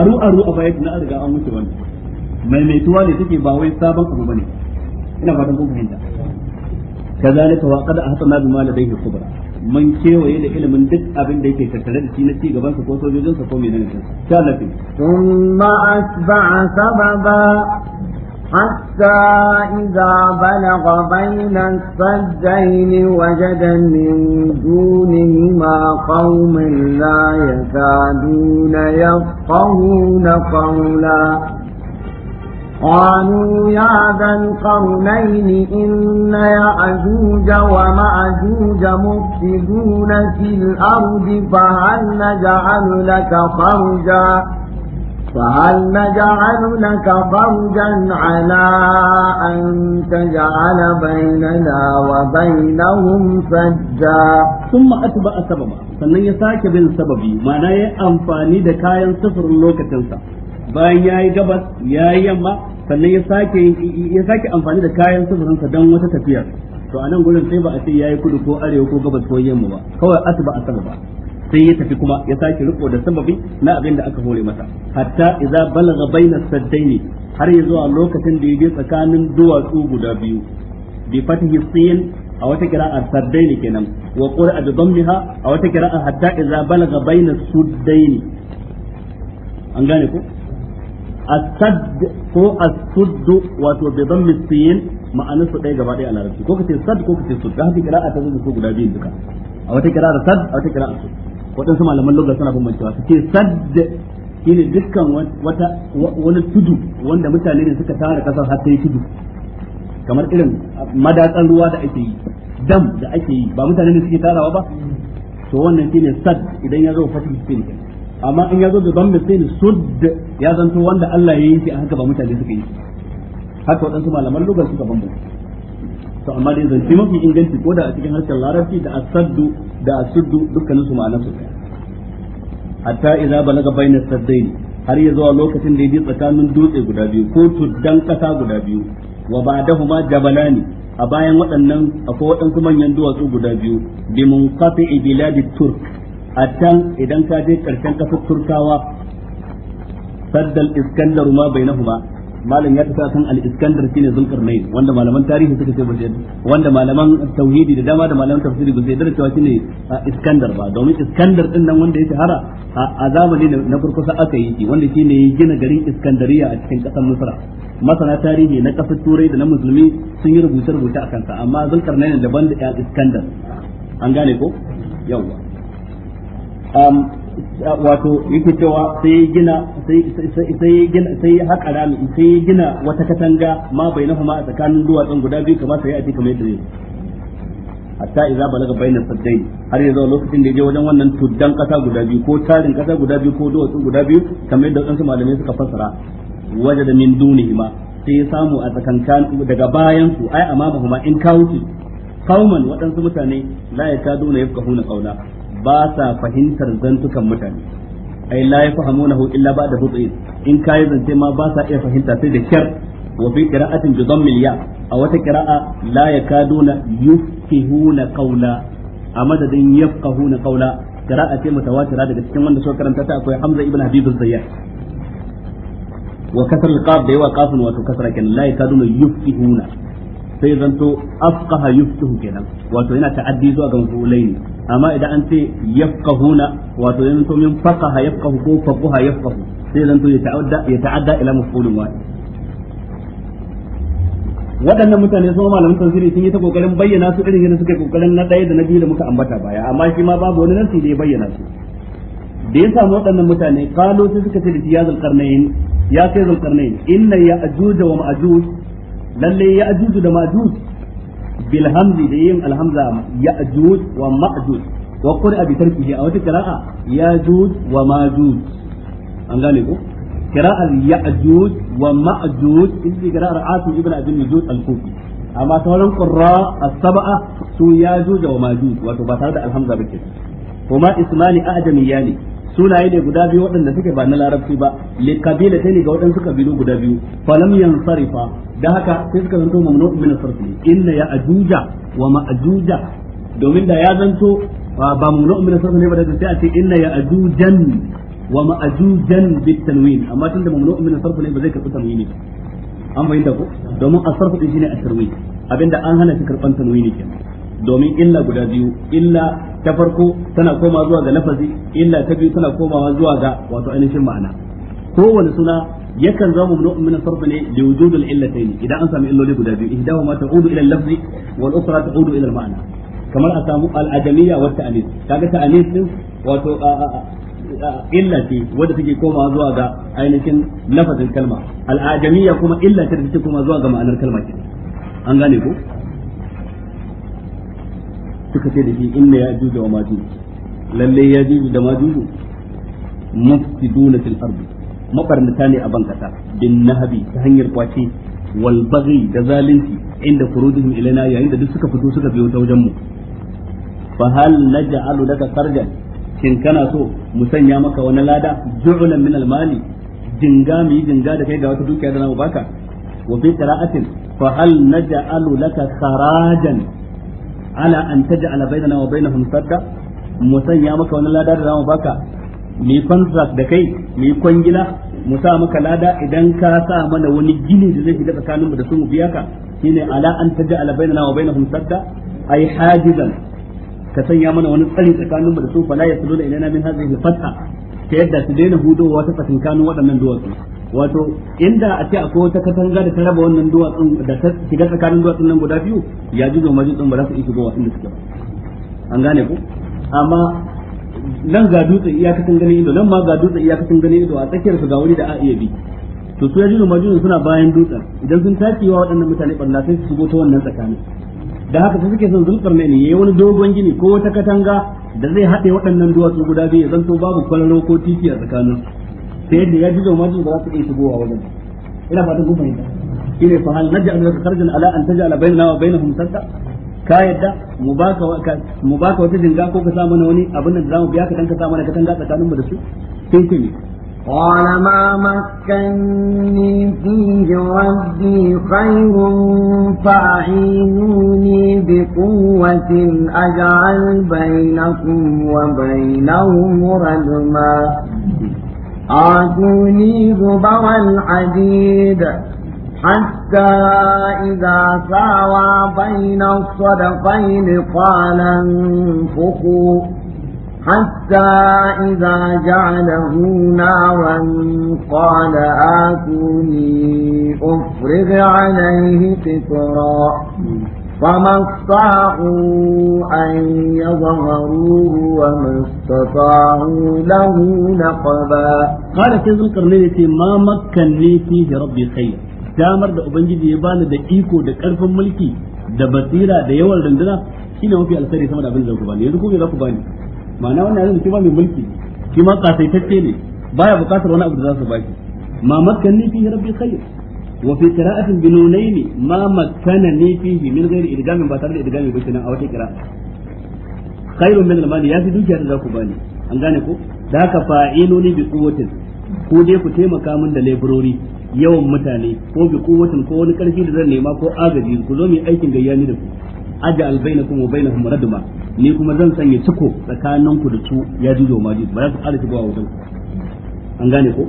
Speaker 1: aru aru a bayan na riga an mutu wani maimaituwa ne take ba wai sabon abu bane ina fatan kun fahimta kazalika wa qad ahsana bima ladayhi kubra man kewaye da ilimin duk abin da yake tattare da shi na ci gaban sa ko sojojin sa ko menene sa sha Allah thumma asba'a sababa حتى إذا
Speaker 2: بلغ بين السدين وجد من دونهما قوم لا يكادون يفقهون قولا قالوا يا ذا القرنين إن يأجوج ومأجوج مفسدون في الأرض فهل نجعل لك خرجا فهل نجعل لك فرجا على أن
Speaker 1: تجعل بيننا وبينهم سدا ثم أتبع سببا sannan ya sake bin sababi ma'ana ya amfani da kayan sufurin lokacinsa bayan ya yi gabas ya yi yamma sannan ya sake ya sake amfani da kayan sufurinsa don wata tafiya to a nan gurin sai ba a ce ya yi kudu ko arewa ko gabas ko yamma ba kawai asba a sama ba sai ya tafi kuma ya sake riko da sababi na abin da aka hore masa hatta idza balagha baina saddaini har ya zuwa lokacin da ya je tsakanin duwatsu guda biyu bi fatihi sin a wata saddaini kenan wa a wata hatta idza balagha suddaini an gane ko as-sadd ko as-sudd wato bi sin gaba a larabci ko kace ko kace haka ta guda biyu duka a wata a wata waɗansu malaman lokacin suna bambancewa su ce sadd ne dukkan wata wani tudu wanda mutane ne suka tara kasar har sai tudu kamar irin madatsan ruwa da ake yi dam da ake yi ba mutane ne suke tarawa ba to wannan ne sad idan ya zo fatih sin amma in ya zo da bambe sin sud ya zanto wanda Allah ya yi shi a haka ba mutane suka yi haka waɗansu malaman lugar suka bambanta to amma dai zance mafi inganci ko da a cikin harshen larabci da asaddu da asuddu dukkanin su ma'anar su hatta idza balaga bainas saddain har ya zuwa lokacin da ya tsakanin dutse guda biyu ko tuddan kasa guda biyu wa ba'dahuma jabalani a bayan waɗannan akwai waɗansu manyan duwatsu guda biyu bi munqati biladi turk a idan ka je ƙarshen kasar turkawa saddal iskandaru ma bainahuma malam ya tafi kan al-iskandar shine zulkarnain wanda malaman tarihi suka ce bude wanda malaman tauhidi da dama da malaman tafsiri bude da cewa shine ah, iskandar ba domin iskandar din nan wanda ya shahara ah, a zamani na farko sa aka yi wanda shine ya gina garin iskandariya a cikin kasar misra masana tarihi na kasar turai da na musulmi sun yi rubuce rubuce akan sa amma zulkarnain daban da iskandar an gane ko yawwa wato yake cewa sai ya gina sai ya gina sai ya haƙa rami sai ya gina wata katanga ma bai bainahuma a tsakanin duwatsun guda biyu kamar sai a ji kamar yadda ne hatta idza balaga bainan saddain har yanzu lokacin da ya je wajen wannan tuddan kasa guda biyu ko tarin kasa guda biyu ko duwatsu guda biyu kamar yadda wasu malamai suka fassara wajada min dunihima sai ya samu a tsakankan daga bayan su ai amamahuma in kawo su kauman waɗansu mutane la yakaduna yafkahuna qawla ba sa fahimtar zantukan mutane ai la yafhamunahu illa ba'da in kai zance ma ba sa iya fahimta sai da kyar wa fi qira'atin bi dhammil ya a wata qira'a la yakaduna yufqihuna qawla a madadin yafqahuna qawla qira'a ce mutawatira daga cikin wanda karanta ta akwai Hamza ibn Habib az wa al-qaf da yawa qafun wato kasra kenan la yakaduna sai zanto afqaha yuftuhu kenan wato yana ta'addi zuwa ga mafulaini amma idan an ce yafqahuna wato yana to min faqaha yafqahu ko faqaha yafqahu sai zanto ya ta'adda ya ta'adda ila mafulin wahid waɗannan mutane sun malamin tafsiri sun yi ta kokarin bayyana su irin yadda suke kokarin na ɗaya da na biyu da muka ambata baya amma shi ma babu wani nan da ya bayyana su da ya samu waɗannan mutane kalo sai suka ce da ya zulkarnayin ya kai zulkarnayin inna ya ajuja wa ma'ajuj lalle ya ajuju da majuj bil hamzi da yin alhamza ya ajuj wa majuj wa qur'a bi tarkihi a wata qira'a ya juj wa majuj an gane ko qira'ar ya ajuj wa majuj in qira'ar asim ibn abdul majud al-kufi amma sauran qurra as-sab'a su ya juj wa majuj wato ba tare da alhamza ba ke kuma ismani ajamiyani sunaye ne guda biyu waɗanda suke ba na larabci ba li kabila ne ga waɗansu kabilu guda biyu falam yansarifa da haka sai suka zanto mamnu min sarfi inna ya ajuja wa ma'ajuja domin da ya zanto ba mamnu min sarfi ne ba da sai a ce inna ya ajujan wa ma'ajujan bit tanwin amma tunda mamnu min sarfi ne ba zai karɓi tanwini an bayyana ko domin asarfu din shine at-tanwin abinda an hana shi karɓan tanwini kenan domin illa guda biyu illa ta farko tana koma zuwa ga lafazi illa ta biyu tana komawa zuwa ga wato ainihin ma'ana kowane suna yakan zama mabnu min sarf ne li wujudul illatayn idan an samu illoli guda biyu idan ma ta'udu ila al-lafzi wal ukhra ta'udu ila al-ma'na kamar a samu al-adamiyya wa ta'anis kaga ta'anis din wato illa ce wadda take komawa zuwa ga ainihin lafazin kalma al-adamiyya kuma illa ta take komawa zuwa ga ma'anar kalma ce an gane ko suka ce da shi inna ya juju wa majuju lalle ya juju da majuju mufsiduna fil ardi mabarnata ne a bankasa bin nahabi ta hanyar kwace wal baghi da zalunci inda furudihim ilaina yayin da duk suka fito suka biyo ta wajen mu fa hal naj'alu laka sarjan shin kana so mu sanya maka wani lada ju'lan min al mali jinga mu yi jinga da kai ga wata dukiya da na baka wa fi qira'atin fa hal naj'alu laka kharajan ala an taj'ala bainana wa na sadda mu sanya maka wani lada da zamu baka mu yi contract da kai mu yi kwangila mu sa maka lada idan ka sa mana wani gini da zai shiga tsakanin mu da su mu biya ka shine ala an taj'ala bai wa bainahum sadda ay hajizan ka sanya mana wani tsari tsakanin mu da su fala yasluna ilaina min hadhihi fatha ta yadda su daina hudowa ta tsakankanin waɗannan duwatsu wato inda a ce akwai wata katanga da ta raba wannan duwatsun da ta shiga tsakanin duwatsun nan guda biyu ya ji zoma jin ba za su iya shigo wasu da suke ba an gane ku amma nan ga dutsen iya ganin ido nan ma ga dutsen iya ganin ido a tsakiyar su ga wuri da a iya bi to su ya ji zoma suna bayan dutsen idan sun wa waɗannan mutane ɓarna sai su shigo ta wannan tsakanin da haka sai suke son zulfar ne ne yayi wani dogon gini ko wata katanga da zai haɗe waɗannan duwatsu guda biyu ya zanto babu kwararo ko titi a tsakanin sai yadda ya jizo ma ba za su iya shigowa wajen ina fatan kun fahimta ala an bainana wa bainahum ka yadda mu baka mu baka wata jinga ko ka samu wani abin da zamu biya ka dan ka sa mana katanga tsakaninmu da su sai ce قال ما
Speaker 2: مكني فيه ربي خير فأعينوني بقوة أجعل بينكم وبينهم رجما آتوني زبر الحديد حتى إذا ساوى بين الصدقين قال انفخوا حتى إذا جعله نارا قال آتوني أفرغ عليه قطرا فما استطاعوا أن يظهروه وما استطاعوا له نقبا
Speaker 1: قال سيد القرنين ما مكنني فيه ربي خير damar da ubangiji ya bani da iko da karfin mulki da basira da yawan runduna shine mafi alkhairi sama da abin da ku bani yanzu ku me za ku bani ma'ana wannan yanzu kima mai mulki kima kasaitacce ne baya bukatar wani abu da za su baki ma makkanni fi rabbi khair وفي قراءة بنونين ما مكنني فيه من غير إدغام بطر إدغام بكنا أو قراءة خير من المال يا في هذا كوباني an gane ko da haka fa'iloni bi quwwatin ko ku taimaka min da laborori yawan mutane ko bi quwwatin ko wani karfi da zan nema ko agaji ku zo aikin gayyani da ku aja kuma baina kuma raduma ni kuma zan sanya ciko tsakaninku da su ya jujo ma ba za su ƙara shigowa wajen an gane ko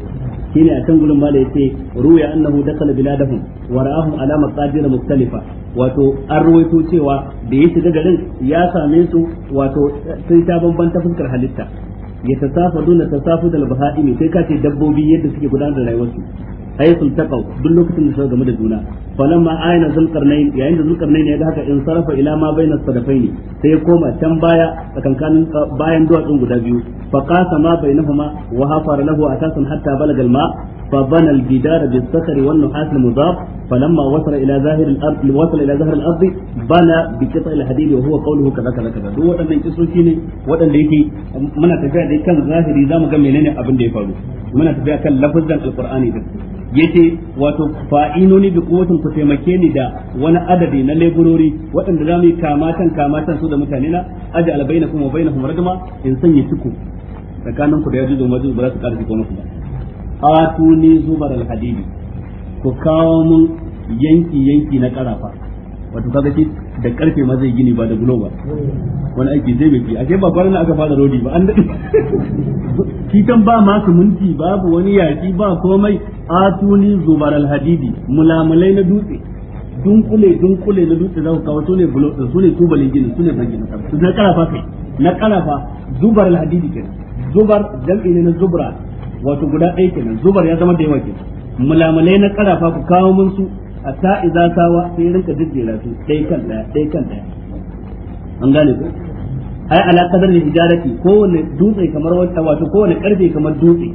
Speaker 1: shine a can gurin mala yace ruya annahu dakala biladahum wa ra'ahum ala maqadir mukhtalifa wato an ruwaito cewa da ya shiga garin ya same su wato sun ta bambanta fuskar halitta ya tasafu dal bahaimi sai kace dabbobi yadda suke gudanar da rayuwarsu ta kau duk lokacin da suka game da juna falamma ayna zulqarnain yayin da zulqarnain ya ga haka in sarafa ila ma baina ne sai koma can baya tsakankanin bayan duwatsun guda biyu fa qasa ma bainahuma wa hafara lahu atasan hatta balaga al ma fa bana al bidara bis sakhri wan nuhas al mudaf falamma wasala ila zahir al ard wasala ila zahir al ard bana bi qita al hadid huwa qawluhu kaza waɗannan tafiya da kan zahiri zamu ga menene abin da ya faru muna tafiya kan lafazan alkur'ani da yace wato fa'inoni bi kuwatin ku taimake ni da wani adadi na leburori waɗanda za mu yi kamatan kamatan su da mutane na aji albaina kuma baina kuma rajma in sanya ku. tsakanin ku da yaji zuma ba za su ƙara ko musu ba atuni zubar alhadidi ku kawo mun yanki yanki na ƙarafa wato kaga shi da karfe ma zai gini ba da bulo ba wani aiki zai bai fi a ba kwanan aka fara rodi ba an daɗe shi can ba ma munti babu wani yaki ba komai atuni zubar alhadidi mulamulai na dutse dunkule dunkule na dutse za ku kawo su ne bulo su ne tubalin gini su ne ban gini su na karafa kai na karafa zubar alhadidi kenan zubar jam'i ne na zubra wato guda ɗaya kenan zubar ya zama da yawa kenan mulamulai na karafa ku kawo mun su hatta idza sawa sai rinka jejjera su dai kan ɗaya dai kan ɗaya. an gane ko ai ala kadar da hijarati kowane dutse kamar wata wato kowane karfe kamar dutse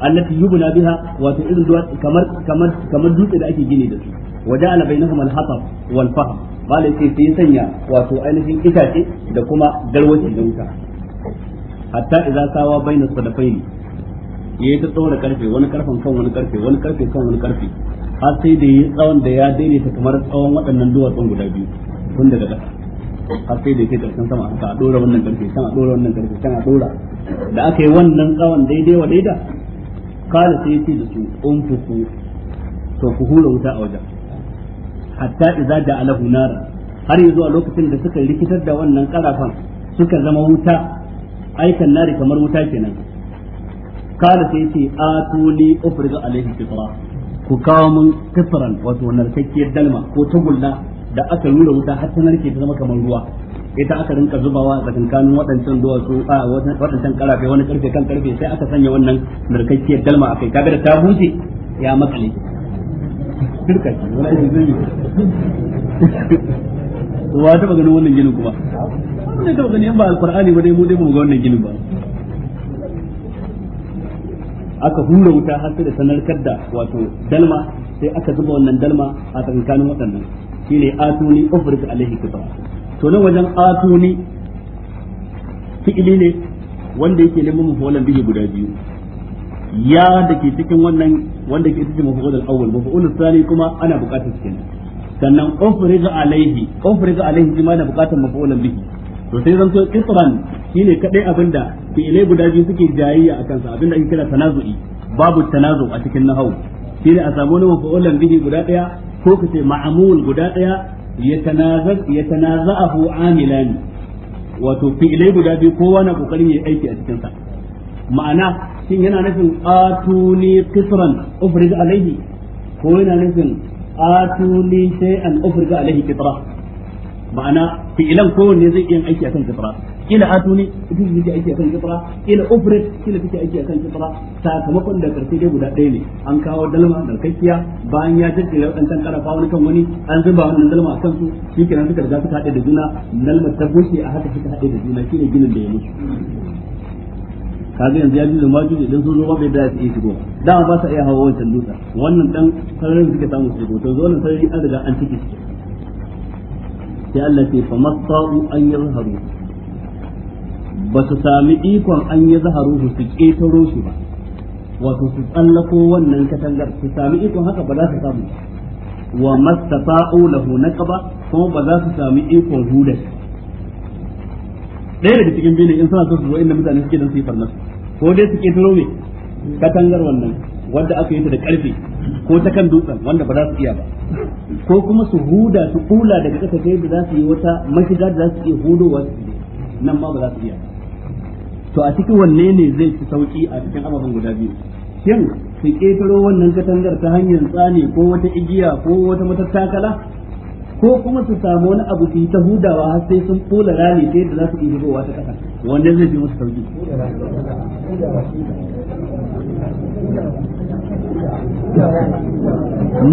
Speaker 1: allati yubna biha wato irin kamar kamar kamar dutse da ake gini da su ala bainahum al-hatab wal fahm bala sai sai sanya wato ainihin itace da kuma garwaci da wuta hatta idza sawa bainas sadafaini yayi ta tsawon karfe wani karfen kan wani karfe wani karfe kan wani karfe har sai da yi tsawon da ya daidaita kamar tsawon waɗannan duwatsun guda biyu tun daga ƙasa har sai da ke karshen sama haka a ɗora wannan karfe can a ɗora wannan karfe can a ɗora da aka yi wannan tsawon daidai wa daida kala sai ce da su unfuku to ku hura wuta a wajen hatta idza alahu nara har yanzu a lokacin da suka rikitar da wannan karafan suka zama wuta aikan nari kamar wuta kenan kana sai a tuli ufriga alaihi fitra ku kawo mun kisran wato narkakkiyar dalma ko tagulla da aka nuna wuta har ta narke ta zama kamar ruwa ita aka rinka zubawa tsakankanin waɗancan duwatsu a waɗancan karafe wani karfe kan karfe sai aka sanya wannan narkakkiyar dalma a kai kaga da ta huce ya makale wata ce ganin wannan ginin kuma wani taɓa ganin ba alfar'ani ba dai mu dai ba mu ga wannan ginin ba aka hura wuta har sai da sanar kadda wato dalma sai aka zuba wannan dalma a tsakankanin waɗannan shine atuni ufrid alaihi kitaba to nan wajen atuni fi'ili ne wanda yake neman mafulan bihi guda biyu ya da ke cikin wannan wanda ke cikin mafulan al-awwal mafulan tsari kuma ana buƙatar cikin sannan ufrid alaihi ufrid alaihi kuma ana buƙatar mafulan bihi to sai zanto kitran shine kadai abinda fi'ilai guda biyu suke jayayya akan sa abinda ake kira tanazu'i babu tanazu a cikin nahawu shine a samu wani mafa'ulan bihi guda daya ko kace ma'amul guda daya yatanazaz yatanaza'ahu amilan wato fi'ilai guda biyu kowa na kokarin yayi aiki a cikin sa ma'ana shin yana nufin atuni qisran ufrij alaihi ko yana nufin atuni shay'an ufrij alaihi qitra ma'ana ilan kowanne zai iya aiki akan fitra kila atuni ita take aiki akan fitra kila ufrit kila take aiki akan fitra sakamakon da karfi dai guda ɗaya ne an kawo dalma da kakkiya bayan ya jaddada wadannan karafa wani kan wani an zuba wannan dalma a kansu shikenan suka riga suka haɗe da juna dalma ta bushe a haka suka haɗe da juna shine ginin da ya mutu kaga yanzu ya juzo maju idan sun zo ba bai da su shigo da ba sa iya hawa wancan dutsen wannan dan sararin suke samu shigo to zo nan sarari an riga an ciki sai Allah ce fa masau an yazharu ba su sami ikon an zaharu su ƙetaro shi ba wato su tsallako wannan katangar su sami ikon haka ba za su samu wa mastafa'u lahu naqaba kuma ba za su sami ikon hudar ɗaya daga cikin bene in suna so su zo inda mutane suke don su yi farnasu ko dai su ƙetaro me katangar wannan wanda aka yi ta da karfe ko ta kan dutsen wanda ba za su iya ba ko kuma su huda su kula daga ƙasa ta yadda za su yi wata mashiga da za su iya hudowa su ne nan ma ba za su iya to a cikin wanne ne zai fi sauki a cikin ababen guda biyu shin su ƙetaro wannan katangar ta hanyar tsani ko wata igiya ko wata matattakala ko kuma su samu wani abu su yi ta hudawa har sai sun kula rami ta yadda za su iya shigowa ta ƙasa wanne zai fi musu sauki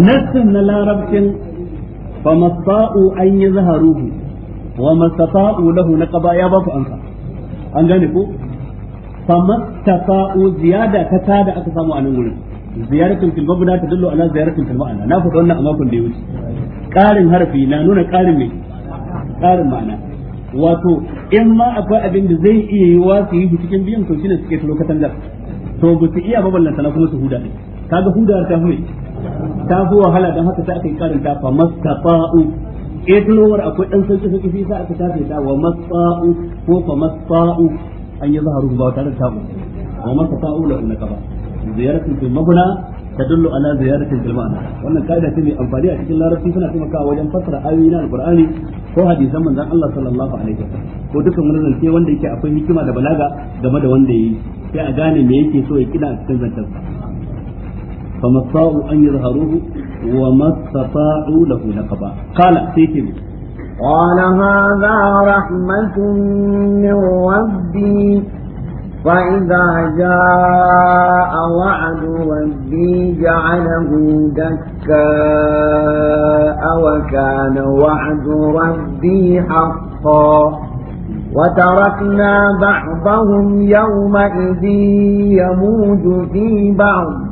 Speaker 1: nassin na larabcin ba masa'u an yi zaharuhu wa masata'u lahu na ƙaba ya ba ku an gane ko fa masata'u ziyada ta ta da aka samu a nan wurin ziyaratul fil mabna tadullu ala ziyaratul fil ma'ana na faɗa wannan a makon da ya wuce ƙarin harfi na nuna ƙarin mai ƙarin ma'ana wato in ma akwai abin da zai iya yi wa su yi cikin biyan to shine suke tulo katangar to ba su iya maballanta na kuma su huda ne kaga huda ta mai ta fi wahala don haka sai aka yi karin ta fa mastafa'u itlowar eh, akwai dan sauki sauki sai sa aka tafi ta wa mastafa'u ko fa mastafa'u an yi zaharu ba tare da tabu wa mastafa'u la innaka ba ziyaratin fil mabna tadullu ala ziyaratin fil ma'na wannan kaida ce mai amfani a cikin larabci suna taimakawa wajen fassara ayoyi na alqur'ani ko hadisan manzon Allah sallallahu alaihi wasallam ko dukkan wani zance wanda yake akwai hikima da balaga game da wanda yi sai a gane me yake so ya kida a cikin zancensa فما استطاعوا أن يظهروه وما استطاعوا له نقبا قال سيتم
Speaker 2: قال هذا رحمة من ربي فإذا جاء وعد ربي جعله دكاء وكان وعد ربي حقا وتركنا بعضهم يومئذ يموج في بعض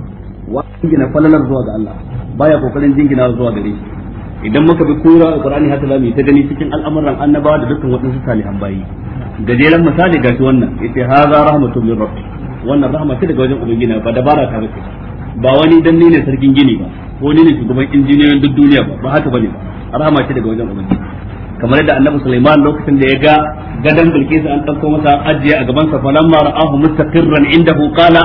Speaker 1: jingina falalar zuwa ga Allah baya kokarin jingina zuwa gare shi idan muka bi kura alqur'ani haka zamu yi ta gani cikin al'amuran annabawa da dukkan waɗansu salihan bayi gajeren misali gashi wannan yace haza rahmatun min rabbi wannan rahma ce daga wajen ubangiji ba dabara ta bace ba wani dan ni ne sarkin gini ba ko ni ne shugaban injiniyoyin duk duniya ba ba haka bane ba rahma ce daga wajen ubangiji kamar yadda annabi Sulaiman lokacin da ya ga gadan Bilkis an dauko masa ajiye a gaban sa falamma ra'ahu mustaqirran indahu qala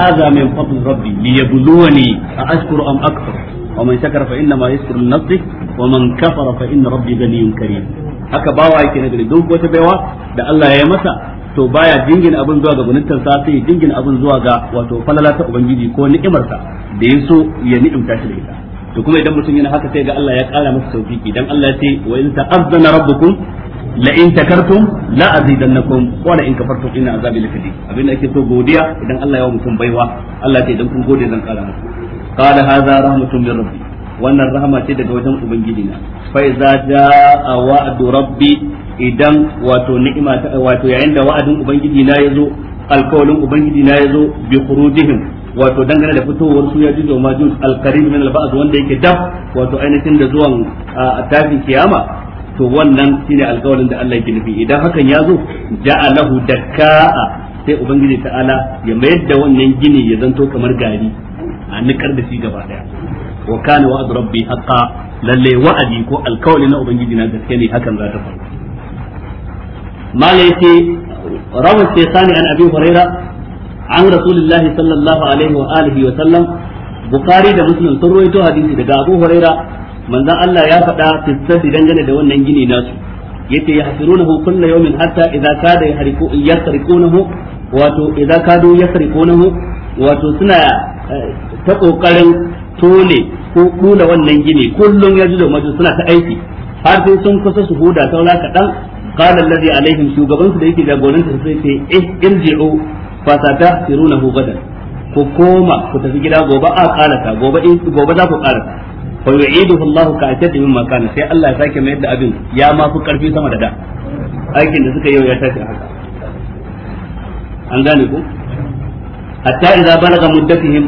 Speaker 1: hadha min fadli rabbi liyabluwani a ashkuru am akfur wa man shakara fa inna ma yashkuru li nafsihi wa man haka bawa yake na gari duk wata baiwa da Allah ya yi masa to baya jingin abin zuwa ga gununtar sa sai jingin abin zuwa ga wato falala ta ubangiji ko ni'imar sa da ya so ya ni'imta shi da ita to kuma idan mutum yana haka sai ga Allah ya kara masa tawfiki dan Allah ya ce wa in ta'azzana rabbukum la in takartum la azidannakum wa la in kafartum inna azabi lakadi abinda ake so godiya idan Allah ya mutum baiwa Allah ce idan kun gode zan kara muku qala hadha rahmatun min rabbi wannan rahama ce daga wajen ubangiji na fa idza jaa wa'du rabbi idan wato ni'ima wato yayin da wa'adin ubangiji na yazo alkawalin ubangiji na yazo bi khurujihim wato dangane da fitowar su ya jijo majus alkarim min alba'd wanda yake dab wato ainihin da zuwan a tafi kiyama to wannan shine alƙawarin da Allah yake nufi idan hakan ya zo ja'alahu dakka'a sai ubangiji ta'ala ya mayar da wannan gini ya zanto kamar gari a nikar da shi gaba daya wa kana wa'd rabbi haqqan lalle wa'adi ko alƙawari na ubangiji na gaske ne hakan za ta faru malai ce shaytani an abi huraira an rasulullahi sallallahu alaihi wa alihi wa sallam bukhari da muslim sun rawaito hadisi daga abu huraira manzon Allah ya faɗa da dangane da wannan gini nasu yace hukun na yomin hatta ya kada na hu wato idza na hu wato suna eh, ta kokarin tone ko kula wannan gini kullum ya ji da suna ta aiki har sai sun kusa su huda saura kaɗan qala alladhi alaihim shugaban su da yake jagoranta sai sai eh irji'u fa hu gadan ku koma ku tafi gida gobe a karata gobe gobe za ku karata fa yu'iduhu Allahu ka ashadda mimma kana sai Allah ya sake mai da abin ya ma fi karfi sama da da aikin da suka yi ya tashi haka an gane ku hatta idza balaga muddatihim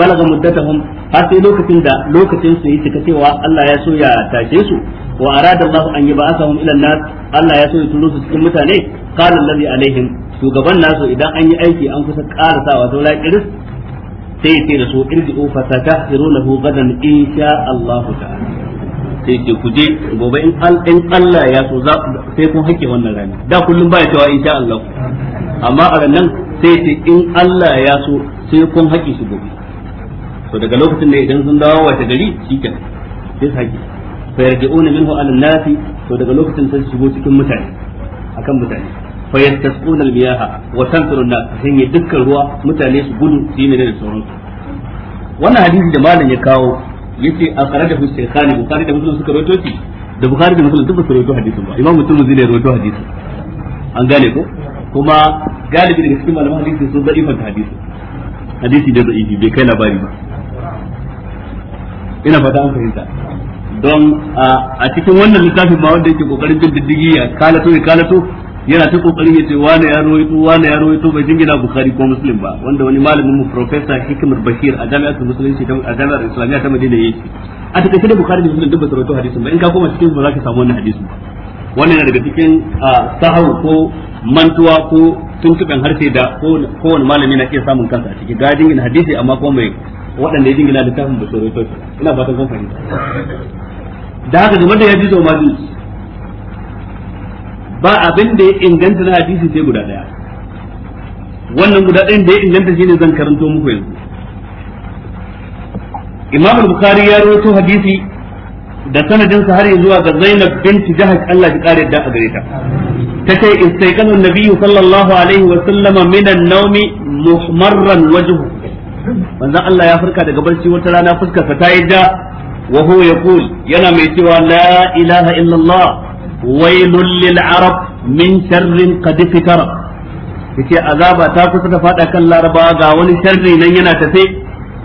Speaker 1: balaga muddatuhum har sai lokacin da lokacin su yi cika cewa Allah ya so ya tashe su wa arada Allah an yi ba'athahum ila nas Allah ya so ya turo su cikin mutane qala allazi alaihim shugaban nasu idan an yi aiki an kusa karasa to la iris sai ya ce da su irji'u fa satahsirunahu gadan insha Allah ta'ala sai ce ku je gobe in Allah ya so za sai kun hake wannan rani da kullum baya cewa insha Allah amma a nan sai ce in Allah ya so sai kun hake shi gobe to daga lokacin da idan sun dawo wata gari shikenan sai su hake fa yarji'una minhu ala nasi to daga lokacin sai su shigo cikin mutane akan mutane fa almiyaha wa tanfiru an-nas yi dukkan ruwa mutane su gudu su yi menene da sauran su wannan hadisi da malam ya kawo yace akhrajahu shaykhani bukhari da muslim suka rawaito shi da bukhari da muslim duka rawaito hadisin ba imam tirmidhi zai rawaito hadisin an gane ko kuma galibi daga cikin malaman hadisi sun zai zaifan hadisi hadisi da zai bai kai labari ba ina fata an fahimta don a cikin wannan littafin ma wanda yake kokarin bin diddigi ya kalato ya kalato yana ta kokarin ya ce wane ya rawaito wane ya rawaito bai jingina bukhari ko muslim ba wanda wani malamin mu professor hikimar bashir a jami'ar musulunci a jami'ar islamiyya ta madina yake a take da bukhari da muslim duk ba su rawaito hadisin ba in ka koma cikin ba za ka samu wannan hadisin ba wannan yana daga cikin sahau ko mantuwa ko tuntuɓen harshe da kowane malami na iya samun kansa a ciki ga jingina hadisi amma ko mai waɗanda ya jingina littafin ba su rawaito ina fatan kun fahimta da haka game da ya ji zo majus ba abin da ya inganta na hadisi sai guda daya wannan guda ɗayan da ya inganta shine zan karanto muku yanzu Imam al-Bukhari ya rawaito hadisi da sanadin sa har zuwa ga Zainab binti jihar Allah ya kare da a gare ta tace sai an-nabi sallallahu alaihi wa sallama min an-nawmi muhmarran wajhu manzon Allah ya farka daga barci wata rana fuskar sa ta yi da wa huwa yana mai cewa la ilaha illallah wailul lil arab min sharrin qad fikara yace azaba ta kusa ta fada kan laraba ga wani sharri nan yana tafe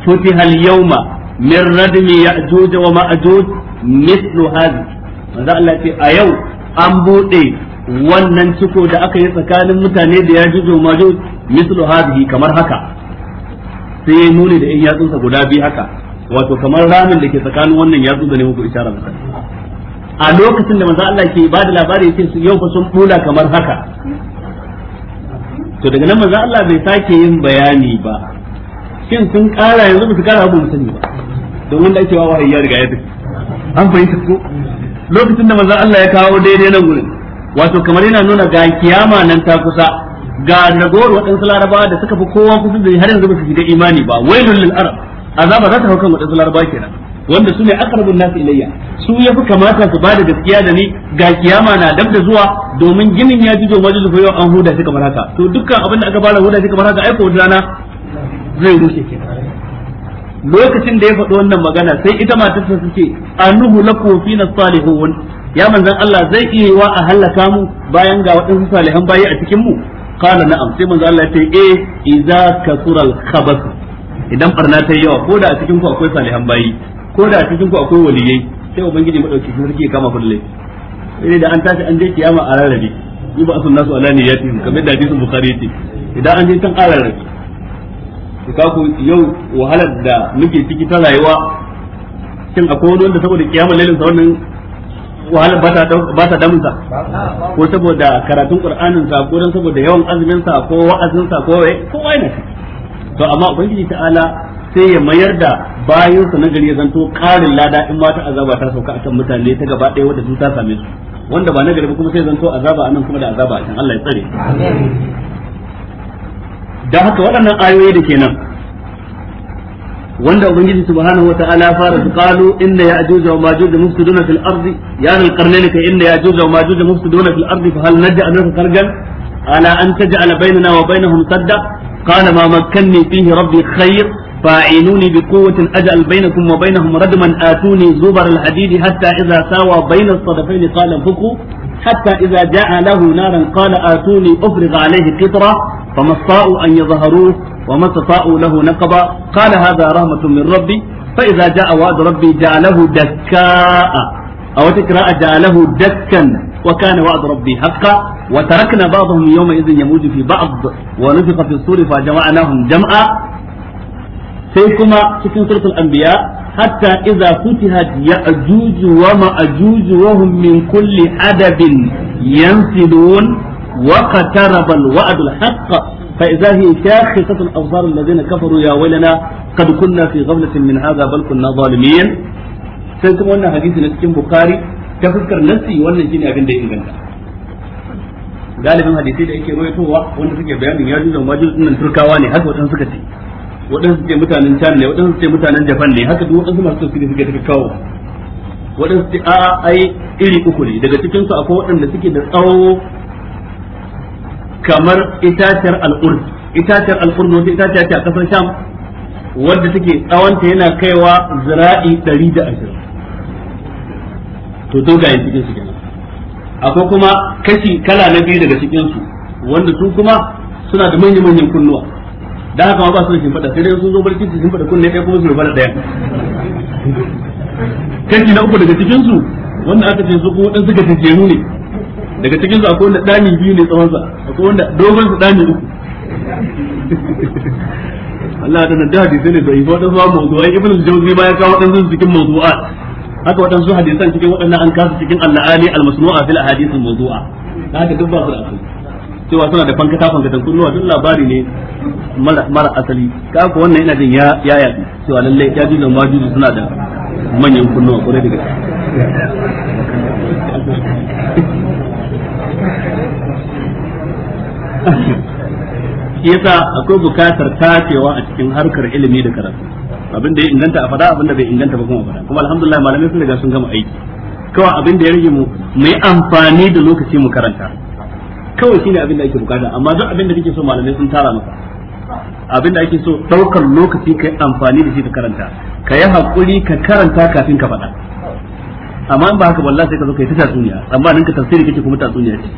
Speaker 1: futiha al yawma min radmi ya'juj wa ma'juj mithlu hadhi manzo Allah ce a yau an bude wannan ciko da aka yi tsakanin mutane da yajuj wa ma'juj mithlu hadhi kamar haka sai ya nuni da in yatsunsa guda biyu haka wato kamar ramin da ke tsakanin wannan yatsu da ne muku isharar a lokacin da manzo Allah ke bada labari yake yau fa sun bula kamar haka to daga nan manzo Allah bai sake yin bayani ba shin sun kara yanzu ba su kara abu musani ba don wanda ake wawa ya riga ya tafi an fahimta ko lokacin da manzo Allah ya kawo daidai nan gurin wato kamar yana nuna ga kiyama nan ta kusa ga ragowar waɗansu larabawa da suka fi kowa kusa da har yanzu ba su fi da imani ba wailul lil arab azaba za ta hau kan waɗansu larabawa kenan wanda su ne aqrabun nasu ilayya su ya fi kamata su ba da gaskiya da ni ga kiyama na dab da zuwa domin ginin ya ji zuwa da yau an huda shi kamar haka to dukkan abin da aka fara huda shi kamar haka aiko ko rana zai rushe ke lokacin da ya faɗi wannan magana sai ita matarsa suke anuhu lakum fina salihun ya manzan Allah zai iya yiwa a hallaka mu bayan ga waɗansu salihan bayi a cikin mu qala na'am sai manzan Allah ya ce eh idza kasural khabath idan barna ta yi yawa ko da a cikin ku akwai salihan bayi ko da cikin ku akwai waliyai sai ubangiji madauki sarki ya kama kullai da sai da an tashi an je kiyama a rarrabe yi ba asun nasu ya niyyatihim kamar da hadisin bukhari yake idan an je tan a rarrabe ka ku yau wahalar da muke ciki ta rayuwa kin akwai wani wanda saboda kiyama lailin sa wannan wahalar ba ta damunsa ko saboda karatun qur'anin sa ko dan saboda yawan azumin sa ko wa'azin sa ko wai ko wai ne to amma ubangiji ta'ala sai ya mayar da bayansa na gari ya zanto karin lada in ma ta azaba ta sauka akan mutane ta gaba ɗaya wadda su ta same su wanda ba na gari kuma sai zanto azaba anan kuma da azaba akan Allah ya tsare da haka waɗannan ayoyi da kenan wanda ubangiji subhanahu wata'ala fara su qalu inna ya'juj wa majuj mufsiduna fil ardi ya ka inna ya'juj wa majuj mufsiduna fil ardi fa hal ala an taj'ala wa sadda qala ma makkanni fihi rabbi khair فاعينوني بقوة أجعل بينكم وبينهم ردما آتوني زبر الحديد حتى إذا ساوى بين الصدفين قال انفقوا حتى إذا جاء له نارا قال آتوني أفرغ عليه قطرة فما استطاعوا أن يظهروه وما استطاعوا له نقبا قال هذا رحمة من ربي فإذا جاء وعد ربي جعله دكاء أو تكراء جعله دكا وكان وعد ربي حقا وتركنا بعضهم يومئذ يموج في بعض ونفخ في الصور فجمعناهم جمعا sai kuma cikin suratul anbiya hatta idza futihat ya'juj wa ma'juj wa hum min kulli adabin yansilun wa qataraba al-wa'd al-haqq fa idza hiya shakhsat al-absar alladhina kafaru ya waylana qad kunna fi ghaflatin min hadha bal kunna zalimin sai kuma wannan hadisi na cikin bukhari ta fuskar nassi wannan shine abin da ya inganta galibin hadisi da yake ruwaitowa wanda suke bayanin ya juzo majalisun nan turkawa ne haka wata suka ce waɗansu ce mutanen Can ne waɗansu ce mutanen Japan ne haka duk waɗansu masu tafsiri suke daga kawo waɗansu ce a ai iri uku ne daga cikin su akwai waɗanda suke da tsawo kamar itaciyar al'urd itaciyar ne wata itaciya ce a ƙasar Sham wadda take tsawonta yana kaiwa zira'i ashirin to dogayen cikin su kenan akwai kuma kashi kala na biyu daga cikin su wanda su kuma suna da manya-manyan kunnuwa da haka ba su da shimfada sai dai sun zo barci su shimfada kunne ɗaya kuma su rufa da ɗaya kanki na uku daga cikinsu wanda aka ce su kuma ɗan suka tafiye ne daga cikinsu akwai wanda ɗani biyu ne tsawonsa akwai wanda dogon su ɗani uku Allah ya tana da hadisai ne bai wata zuwa mawdu'ai ibn ibnu jawzi ya kawo wadansu cikin mawdu'at haka wadansu hadisan cikin wadannan an kasu cikin al-ali al-masnu'a fil ahadith al-mawdu'a haka duk ba su da asali cewa suna da fankata fankatan kunnuwa duk labari ne mara asali ka ko wannan ina jin ya ya yaɗu cewa lalle ya ji ma juzu suna da manyan kunnuwa kore da gaske yasa akwai bukatar tacewa a cikin harkar ilimi da karatu abin da ya inganta a fada abin da bai inganta ba kuma fada kuma alhamdulillah malamai sun riga sun gama aiki kawai abin da ya rage mu mai amfani da lokaci mu karanta kawai shine abin da ake bukata amma duk abin da kake so malamai sun tara maka abin da ake so daukar lokaci kai amfani da shi ka karanta ka yi hakuri ka karanta kafin ka faɗa amma in ba haka wallahi sai ka zo kai ta tsuniya amma ninka tafsiri kake kuma tsuniya ce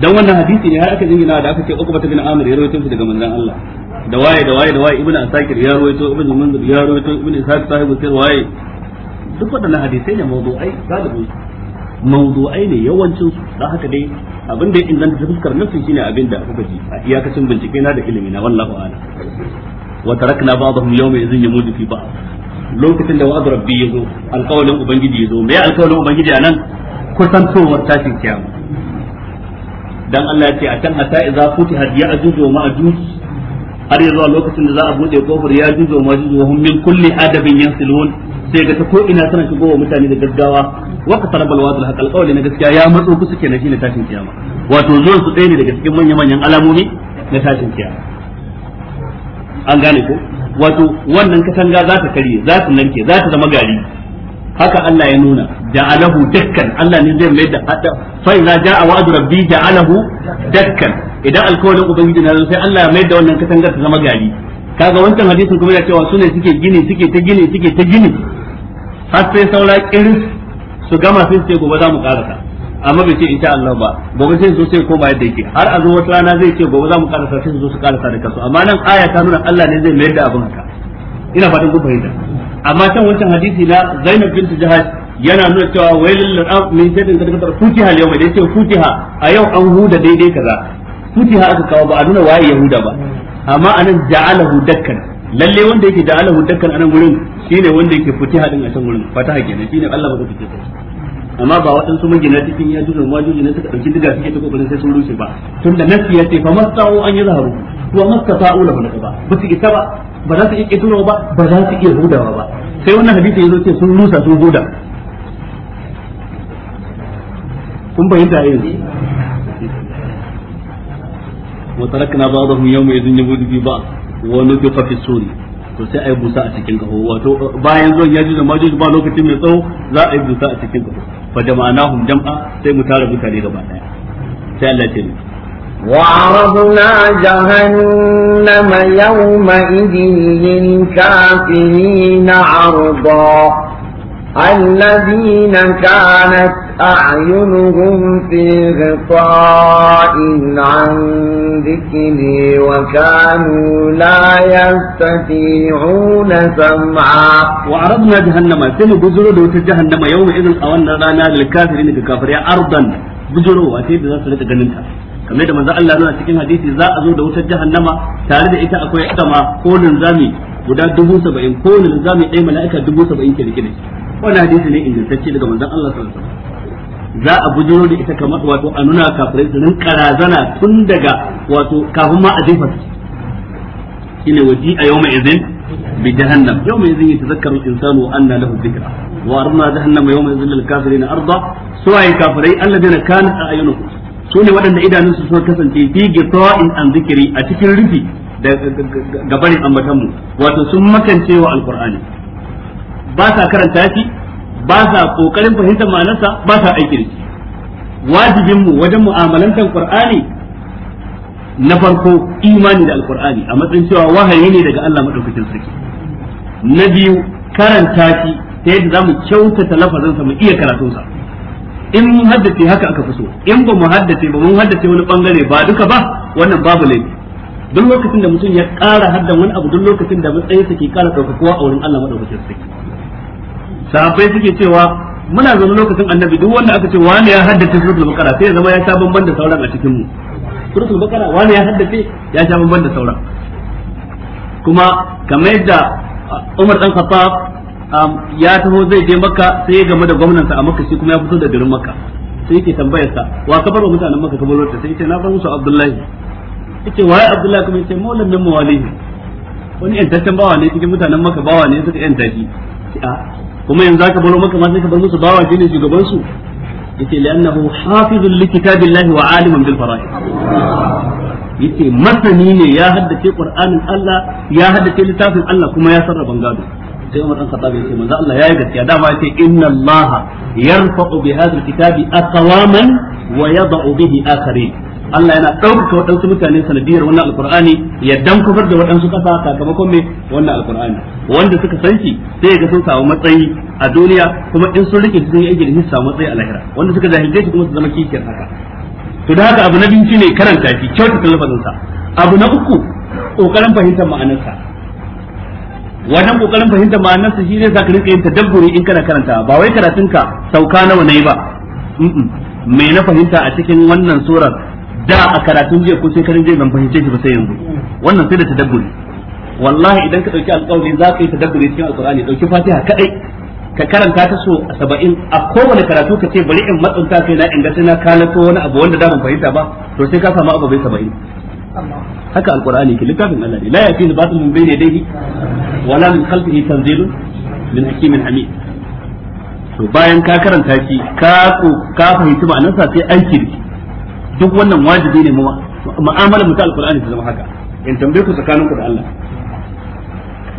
Speaker 1: dan wannan hadisi ne har aka jingina da aka ce uku bata bin amir ya rawaito shi daga manzon Allah da waye da waye da waye ibnu asakir ya rawaito ibnu munzir ya rawaito ibnu ishaq sahibu sir waye duk wannan hadisi ne mawdu'ai galibin mawdu'ai ne yawancin su dan haka dai abin da ya inganta ta fuskar nafsi shine abin da kuka ji a iyakacin bincike na da ilimi na wallahu ala wa tarakna ba'dahum yawma idhin yamudu fi ba'd lokacin da wa'd rabbi yazo alqawlin ubangiji yazo me ya alqawlin ubangiji anan kusantowar tashin kiyama dan Allah ya ce a can hatta idza futihat ya'juj wa ma'juj har yanzu a lokacin da za a buɗe kofar ya juzo ma juzo wa hum min kulli adabin yansilun sai ga ta ko ina suna shigo mutane da gaggawa wa qasaraba alwadul haqq qawli na gaskiya ya matso ku suke na shine tashin kiyama wato zuwa su ɗaya ne daga cikin manyan manyan alamomi na tashin kiyama an gane ko wato wannan katanga za ta karye za ta nanke za ta zama gari haka Allah ya nuna ja'alahu dakkan Allah ne zai mai da hada fa idza ja'a wa'du rabbi ja'alahu dakkan idan alkawalin ubangiji na sai Allah ya mai da wannan katangar ta zama gari kaga wancan hadisin kuma ya cewa sune suke gini suke ta gini suke ta gini har sai saura kiris su gama sun ce gobe za mu karasa amma bai ce in sha Allah ba gobe sai su sai koma yadda yake har a zo wata rana zai ce gobe za mu karasa sai su zo su karasa da kasu amma nan aya ta nuna Allah ne zai mayar da abin haka ina fatan kun fahimta amma can wancan hadisi na Zainab bint Jahash yana nuna cewa wailul lil min shadin kadakatar futiha yau da yace futiha a yau an huda daidai kaza futiha aka kawo ba a nuna waye yahuda ba amma anan ja'alahu dakkan lalle wanda yake da alahu dukkan anan gurin shine wanda yake fitiha din a can gurin fataha kenan shine Allah ba ta amma ba waɗansu gina cikin ya tuzo ma juji ne suka dauki diga suke ta kokarin sai sun rushe ba tun da nasi ya ce fa masau an yi zaharu wa ta ula ba ba ba. su ita ba ba za su iya keturo ba ba za su iya hudawa ba sai wannan hadisi yazo ce sun rusa sun huda kun bayyana yanzu وتركنا بعضهم يومئذ يموت في بعض wa nufiqa fi suri to sai ayi busa a cikin kaho wato bayan zuwan yaji da majuj ba lokacin mai tsawo za a yi busa a cikin kaho fa da jama'anahum jam'a sai mu tara mutane gaba daya sai Allah ya ce
Speaker 2: وعرضنا جهنم يومئذ للكافرين عرضا الذين كانت أعينهم في غطاء عن ذكري وكانوا لا يستطيعون
Speaker 1: سمعا وعرضنا جهنم سنة بزرو دوت جهنم يوم إذن أولنا رانا للكافرين ككافر أرضا بزرو وأتيب ذات سنة جننتا kamar da manzo Allah nuna cikin hadisi za a zo da wutar jahannama tare da ita akwai adama ko linzami guda dubu saba'in ko linzami ɗaya mala'ika dubu saba'in ke rike wannan hadisi ne ingantacce daga manzon Allah sallallahu alaihi wasallam za a bujiro da ita kamar wato a nuna kafirai su rinka razana tun daga wato kafin ma a jefa su shine waji a yawma izin bi jahannam yawma izin yatazakkaru al-insanu wa anna lahu dhikra wa arna jahannam yawma izin lil kafirin arda suwaye kafirai alladheena kanat a'yunuhum sune waɗanda idanunsu suka kasance fi gita'in an zikiri a cikin rufi da gabarin ambatanmu wato sun makance wa alqur'ani ba sa karanta shi ba sa kokarin fahimtar ma'anarsa ba sa aiki da wajibin mu wajen mu'amalantar qur'ani na farko imani da alqur'ani a matsayin cewa wahayi ne daga Allah madaukakin sarki na biyu karanta shi ta yadda zamu kyautata lafazin sa mu iya karatunsa sa in mun haddace haka aka fi so in ba mu haddace ba mun haddace wani bangare ba duka ba wannan babu laifi duk lokacin da mutum ya ƙara haddan wani abu duk lokacin da matsayinsa ke ƙara ɗaukakuwa a wurin Allah madaukakin sarki sahabbai suke cewa muna zaune lokacin annabi duk wanda aka ce wani ya haddace suratul bakara sai ya zama ya sha bamban da sauran a cikin mu suratul bakara wani ya haddace ya sha bamban da sauran kuma kamar yadda uh, Umar dan Khattab um, ya taho zai je Makka sai ya gama da gwamnatin a Makka shi kuma ya fito da garin Makka sai yake tambayar sa wa ka bar mutanen Makka kabar wata sai yace na bar musu Abdullahi yace waye Abdullahi kuma yace maulan min mawalihi wani yantaccen bawa ne cikin mutanen Makka bawa ne suka yanta shi ah. kuma yanzu aka bar maka ma ka bar musu bawa shine shugaban su yace li'annahu hafizul likitabillahi wa alimun bil fara'id yace masani ne ya haddace qur'anin Allah ya haddace littafin Allah kuma ya sarrafa gado sai Umar dan Khattab yace manzo Allah yayi gaskiya dama yace inna Allah yarfa'u bi hadha alkitabi aqwaman wa yad'u bihi akharin Allah yana ɗaukaka waɗansu mutane sanadiyar wannan alkur'ani ya dankufar da waɗansu ƙasa sakamakon mai wannan alkur'ani wanda suka san shi sai ga sun samu matsayi a duniya kuma in sun rike sun yi aiki da su samu matsayi a lahira wanda suka jahilce shi kuma su zama kikiyar haka to da haka abu na biyu shine karanta shi kyautata lafazinsa abu na uku ƙoƙarin fahimtar ma'anarsa wannan ƙoƙarin fahimtar ma'anarsa shi za ka rika yin tadabburi in kana karanta ba wai karatunka sauka nawa yi ba me na fahimta a cikin wannan surar da a karatun jiya ko shekarun jiya ban fahimce shi ba sai yanzu wannan sai da tadabburi wallahi idan ka dauki alƙawari za ka yi tadabburi cikin alƙur'ani dauki fatiha kadai ka karanta ta so a saba'in a kowane karatu ka ce bari in matsanta kai na in ga na kalato wani abu wanda da ban fahimta ba to sai ka samu abu bai saba'in haka alqur'ani ke littafin Allah ne la yafi batil min bayni yadayhi wala min khalfihi tanzilun min hakimin hamid to bayan ka karanta shi ka ka fahimci ma'anar sa sai aiki da duk wannan wajibi ne mu'amalar mu ta alqur'ani ta zama haka in tambaye ku tsakaninku da Allah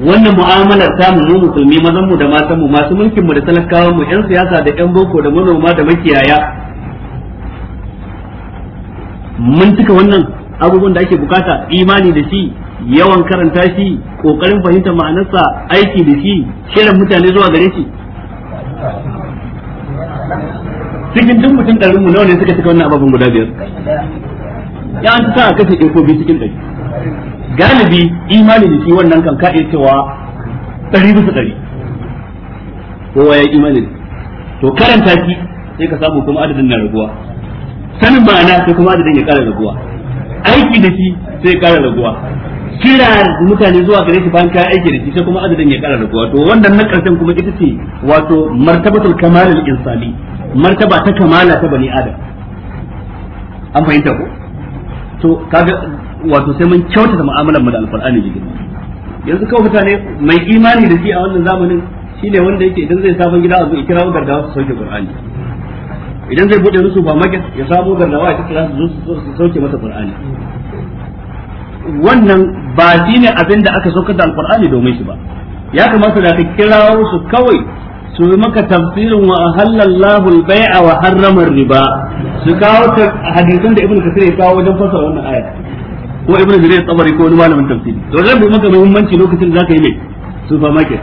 Speaker 1: wannan mu'amalar ta mu musulmi mazan mu da matan mu masu mulkin mu da talakawan mu yan siyasa da yan boko da manoma da makiyaya mun cika wannan abubuwan da ake bukata imani da shi yawan karanta shi kokarin fahimtar ma'anarsa aiki da shi shirin mutane zuwa gare shi cikin duk mutum ɗarin mu nawa ne suka cika wannan ababen guda biyar
Speaker 3: ya an ta kashe
Speaker 1: ɗin ko biyu cikin ɗari galibi imani da shi wannan kan ka iya cewa ɗari bisa ɗari kowa ya imani to karanta shi sai ka samu kuma adadin na raguwa sanin ma'ana sai kuma adadin ya ƙara raguwa aiki da shi sai ƙara raguwa kira mutane zuwa gare shi bayan kayan aiki da shi sai kuma adadin ya ƙara raguwa to wannan na ƙarshen kuma ita ce wato martabatul kamalul insani martaba ta kamala ta bani adam an fahimta ko to kaga wato sai mun kyautata mu'amalar mu da alqur'ani ji girma yanzu kawai mutane mai imani da shi a wannan zamanin shine wanda yake idan zai sabon gida a zo ikira wa gargawa su sauke qur'ani idan zai bude rusu ba maka ya samu gargawa ya kira su su sauke masa qur'ani wannan ba shine abin da aka saukar da alqur'ani domin shi ba ya kamata da ka kirawo su kawai su yi maka tafsirin wa halallahu al-bai'a wa harrama riba su kawo hadisan da ibn kasir ya kawo wajen fasara wannan aya ko ibn jarir tsabari ko wani malamin tafsiri to zai maka muhimmanci lokacin da zaka yi mai supermarket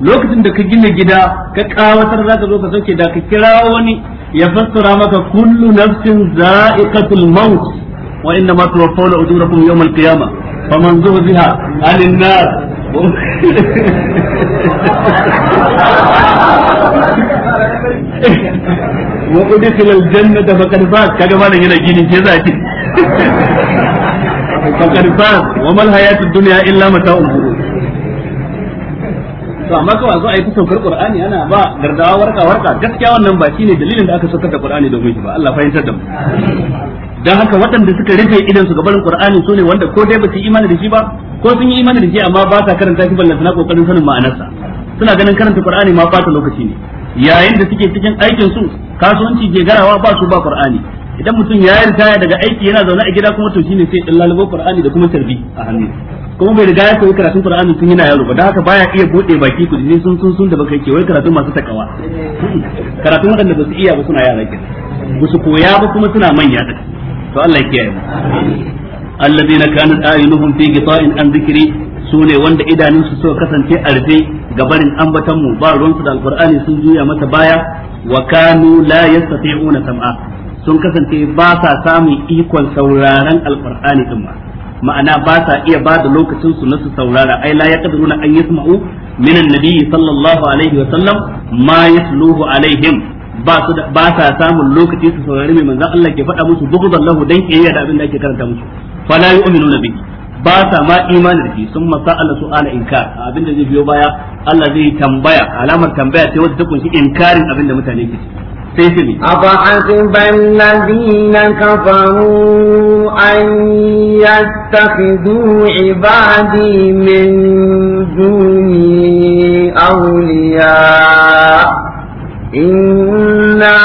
Speaker 1: lokacin da ka gina gida ka kawatar zaka zo ka sauke da ka kira wani ya fassara maka kullu nafsin za'iqatul maut wa inna ma tuwaffawna ujurakum yawm al-qiyamah faman zuhziha 'anil nar wa udkhil al jannata faqad faz kaga malan yana gini ke zaki ki faqad faz wa mal hayatud dunya illa mata'ul ghurur to amma ko zo a yi saukar qur'ani ana ba gardawa warka warka gaskiya wannan ba shine dalilin da aka saukar da qur'ani da shi ba Allah fahimtar da mu dan haka waɗanda suka rufe idan su gaban Qur'ani ne wanda ko dai ba su imani da shi ba ko sun yi imani da shi amma ba sa karanta shi ballan suna kokarin sanin ma'anarsa suna ganin karanta Qur'ani ma ta lokaci ne yayin da suke cikin aikin su kasuwanci ke garawa ba su ba Qur'ani idan mutum ya yarda daga aiki yana zaune a gida kuma to shine sai dan lalubo Qur'ani da kuma tarbi a hannu kuma bai riga ya koyi karatun Qur'ani tun yana yaro ba dan haka baya iya bude baki ku ne sun sun sun da baka yake wai karatun masu takawa karatun wanda ba su iya ba suna yara kenan ba su koya ba kuma suna manya da to Allah ya kiyaye alladheena kanat a'yunuhum fi ghita'in an dhikri sune wanda idanunsu suka kasance a rufe gabarin ambatan mu ba ruwansu da alqur'ani sun juya mata baya wa kanu la yastati'una sam'a sun kasance ba sa samun ikon sauraron alqur'ani din ma ma'ana ba sa iya ba da lokacin su na su saurara ai la yaqdiruna an yasma'u minan annabi sallallahu alaihi wa sallam ma yasluhu alaihim ba sa samun lokaci su saurari mai manzon Allah ke faɗa musu da lahu dan kiyaya da abin da ake karanta musu fala yu'minu bihi ba sa ma imani da shi sun masa Allah su ala inkar abin da zai biyo baya Allah zai tambaya alamar tambaya ce wadda ta kunshi inkarin abin da mutane ke sai an ciki أفحسب الذين كفروا an
Speaker 2: يتخذوا ibadi min دوني awliya إنا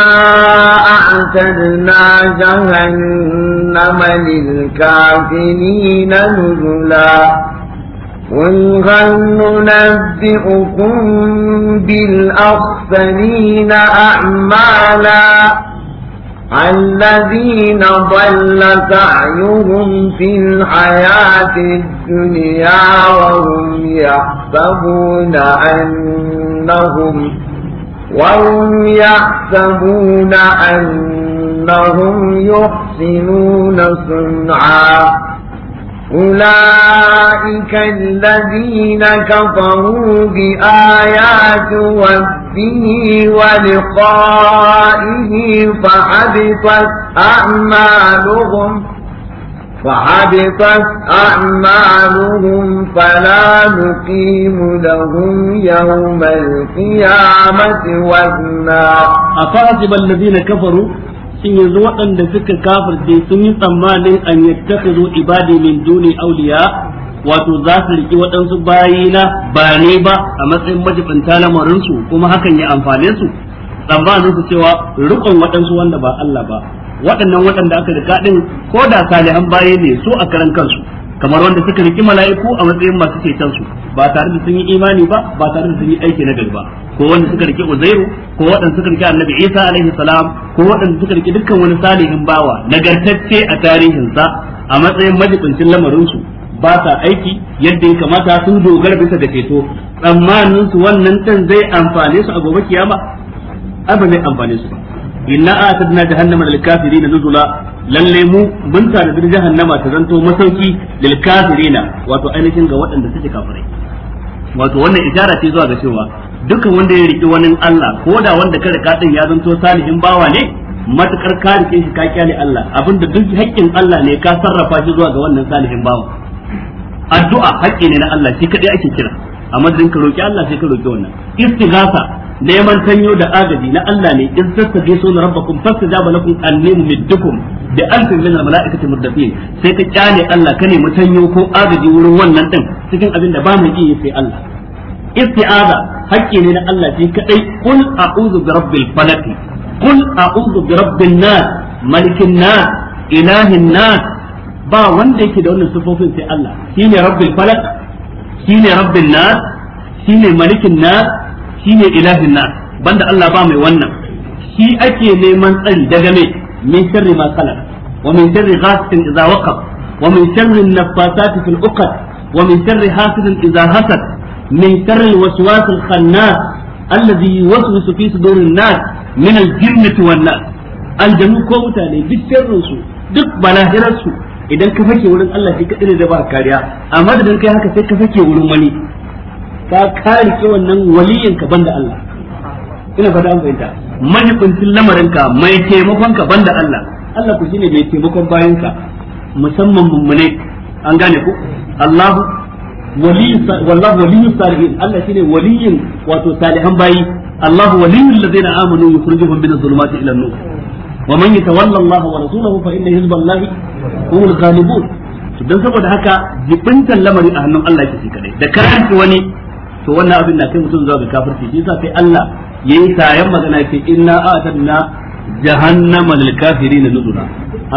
Speaker 2: أعتدنا جهنم للكافرين نزلا قل هل ننبئكم بالأخسرين أعمالا الذين ضل سعيهم في الحياة الدنيا وهم يحسبون أنهم وهم يحسبون أنهم يحسنون صنعا أولئك الذين كفروا بآيات ربه ولقائه فحبطت أعمالهم فحبطت أعمالهم فلا نقيم
Speaker 1: لهم يوم القيامة وزنا أفحسب الذين كفروا shin yanzu waɗanda suka da sun yi tsammanin an yattakhidhu ibadi min duni wato za su riki waɗansu bayina ba ne ba a matsayin majibanta lamarinsu kuma hakan ya amfane su tsammanin su cewa rukun waɗansu wanda ba Allah ba waɗannan waɗanda aka riga din ko da salihan baye ne su a karan kansu kamar wanda suka riki mala'iku a matsayin masu ceton su ba tare da sun yi imani ba ba tare da sun yi aiki na gari ba ko wanda suka riki Uzairu ko waɗanda suka riki Annabi Isa alaihi salam ko waɗanda suka riki dukkan wani salihin bawa nagartacce a tarihinsa a matsayin majibincin lamarin su ba sa aiki yadda ya kamata sun dogara bisa da ceto tsammanin su wannan din zai amfane su a gobe kiyama abin zai amfane su ba inna atadna jahannama lil kafirin nuzula lalle mu mun tare da jahannama ta zanto masauki lil kafirin wato ainihin ga waɗanda suke kafirai wato wannan isharar ce zuwa ga cewa dukkan wanda ya riki wani Allah ko da wanda ka rika din ya zanto salihin bawa ne matukar ka rike shi ka kyale Allah abinda duk haƙƙin Allah ne ka sarrafa shi zuwa ga wannan salihin bawa addu'a haƙƙi ne na Allah shi kadai ake kira amma din ka roki Allah sai ka roki wannan istighatha neman tanyo da agaji na Allah ne in tattabe so na rabbakum fastajaba lakum anni mumiddukum bi alfin min almalaikati murdafin sai ka kyale Allah ka nemi tanyo ko agaji wurin wannan din cikin abin da ba mu iya sai Allah isti'aza hakki ne na Allah kaɗai kadai kul a'udhu bi rabbil falaq kul a'udhu bi rabbin nas malikin nas ilahin nas ba wanda yake da wannan sifofin sai Allah shine rabbil falaq shine rabbin nas shine malikin nas shine ilahin nas banda Allah ba mai wannan shi ake neman tsari daga me min sharri ma khalaq wa min sharri ghasikin idza waqab wa min sharri naffasati fil uqad wa min sharri hasidin idza hasad min sharri waswas al khannas alladhi yuwaswisu fi sudurin nas min al jinnati wan nas aljanu ko mutane duk sharrin su duk balahirar su idan ka fake wurin Allah shi kadai da ba kariya amma da kai haka sai ka fake wurin wani ka kare ke wannan waliyin ka banda Allah ina fata an fahimta majibincin lamarin ka mai taimakon ka banda Allah Allah ku shine mai taimakon bayan ka musamman mummune an gane ku Allah waliyin wallahu waliyin salihin Allah shine waliyin wato salihan bayi Allah waliyul ladzina amanu yukhrijuhum min adh-dhulumati ila an-nur wa man yatawalla Allah wa rasuluhu fa inna hizballahi humul ghalibun dan saboda haka jibintan lamari a hannun Allah yake kadai da karanci wani to wannan abin na kai mutum zuwa ga kafirci shi yasa sai Allah yayi sayan magana yake inna a'tadna jahannama lil kafirin nuzula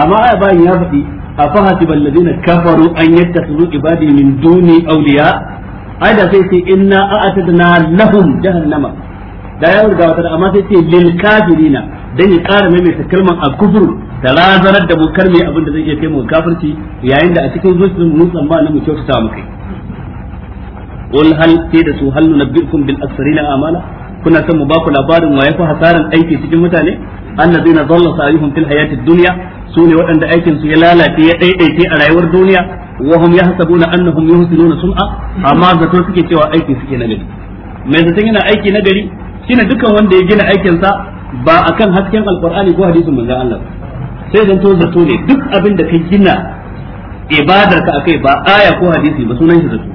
Speaker 1: amma ai bayan ya faɗi afahasiba alladhina kafaru an yattakhidhu ibadi min duni awliya ai da sai sai inna a'tadna lahum jahannama da ya riga wata amma sai ce lil kafirina dan ya ƙara maimaita kalmar a kufr da razanar da mu karme abin da zai iya kai mu kafirci yayin da a cikin zuciyar mu tsammanin mu kyautata mu kai qul hal sai da su hal nunabbiukum bil na amala kuna son mu ba ku labarin wa yafi hasaran aiki cikin mutane annazina dhalla sa'ihum fil duniya. dunya sune waɗanda aikin ya lalace ya daidaice a rayuwar duniya wa hum yahsabuna annahum yuhsinuna sun'a amma zato suke cewa aiki suke na gari mai zaton yana aiki na gari shine duka wanda ya gina aikin sa ba akan hasken alqur'ani ko hadisin manzon Allah sai zanto zato ne duk abin da ka gina ibadar ka ba aya ko hadisi ba sunan zato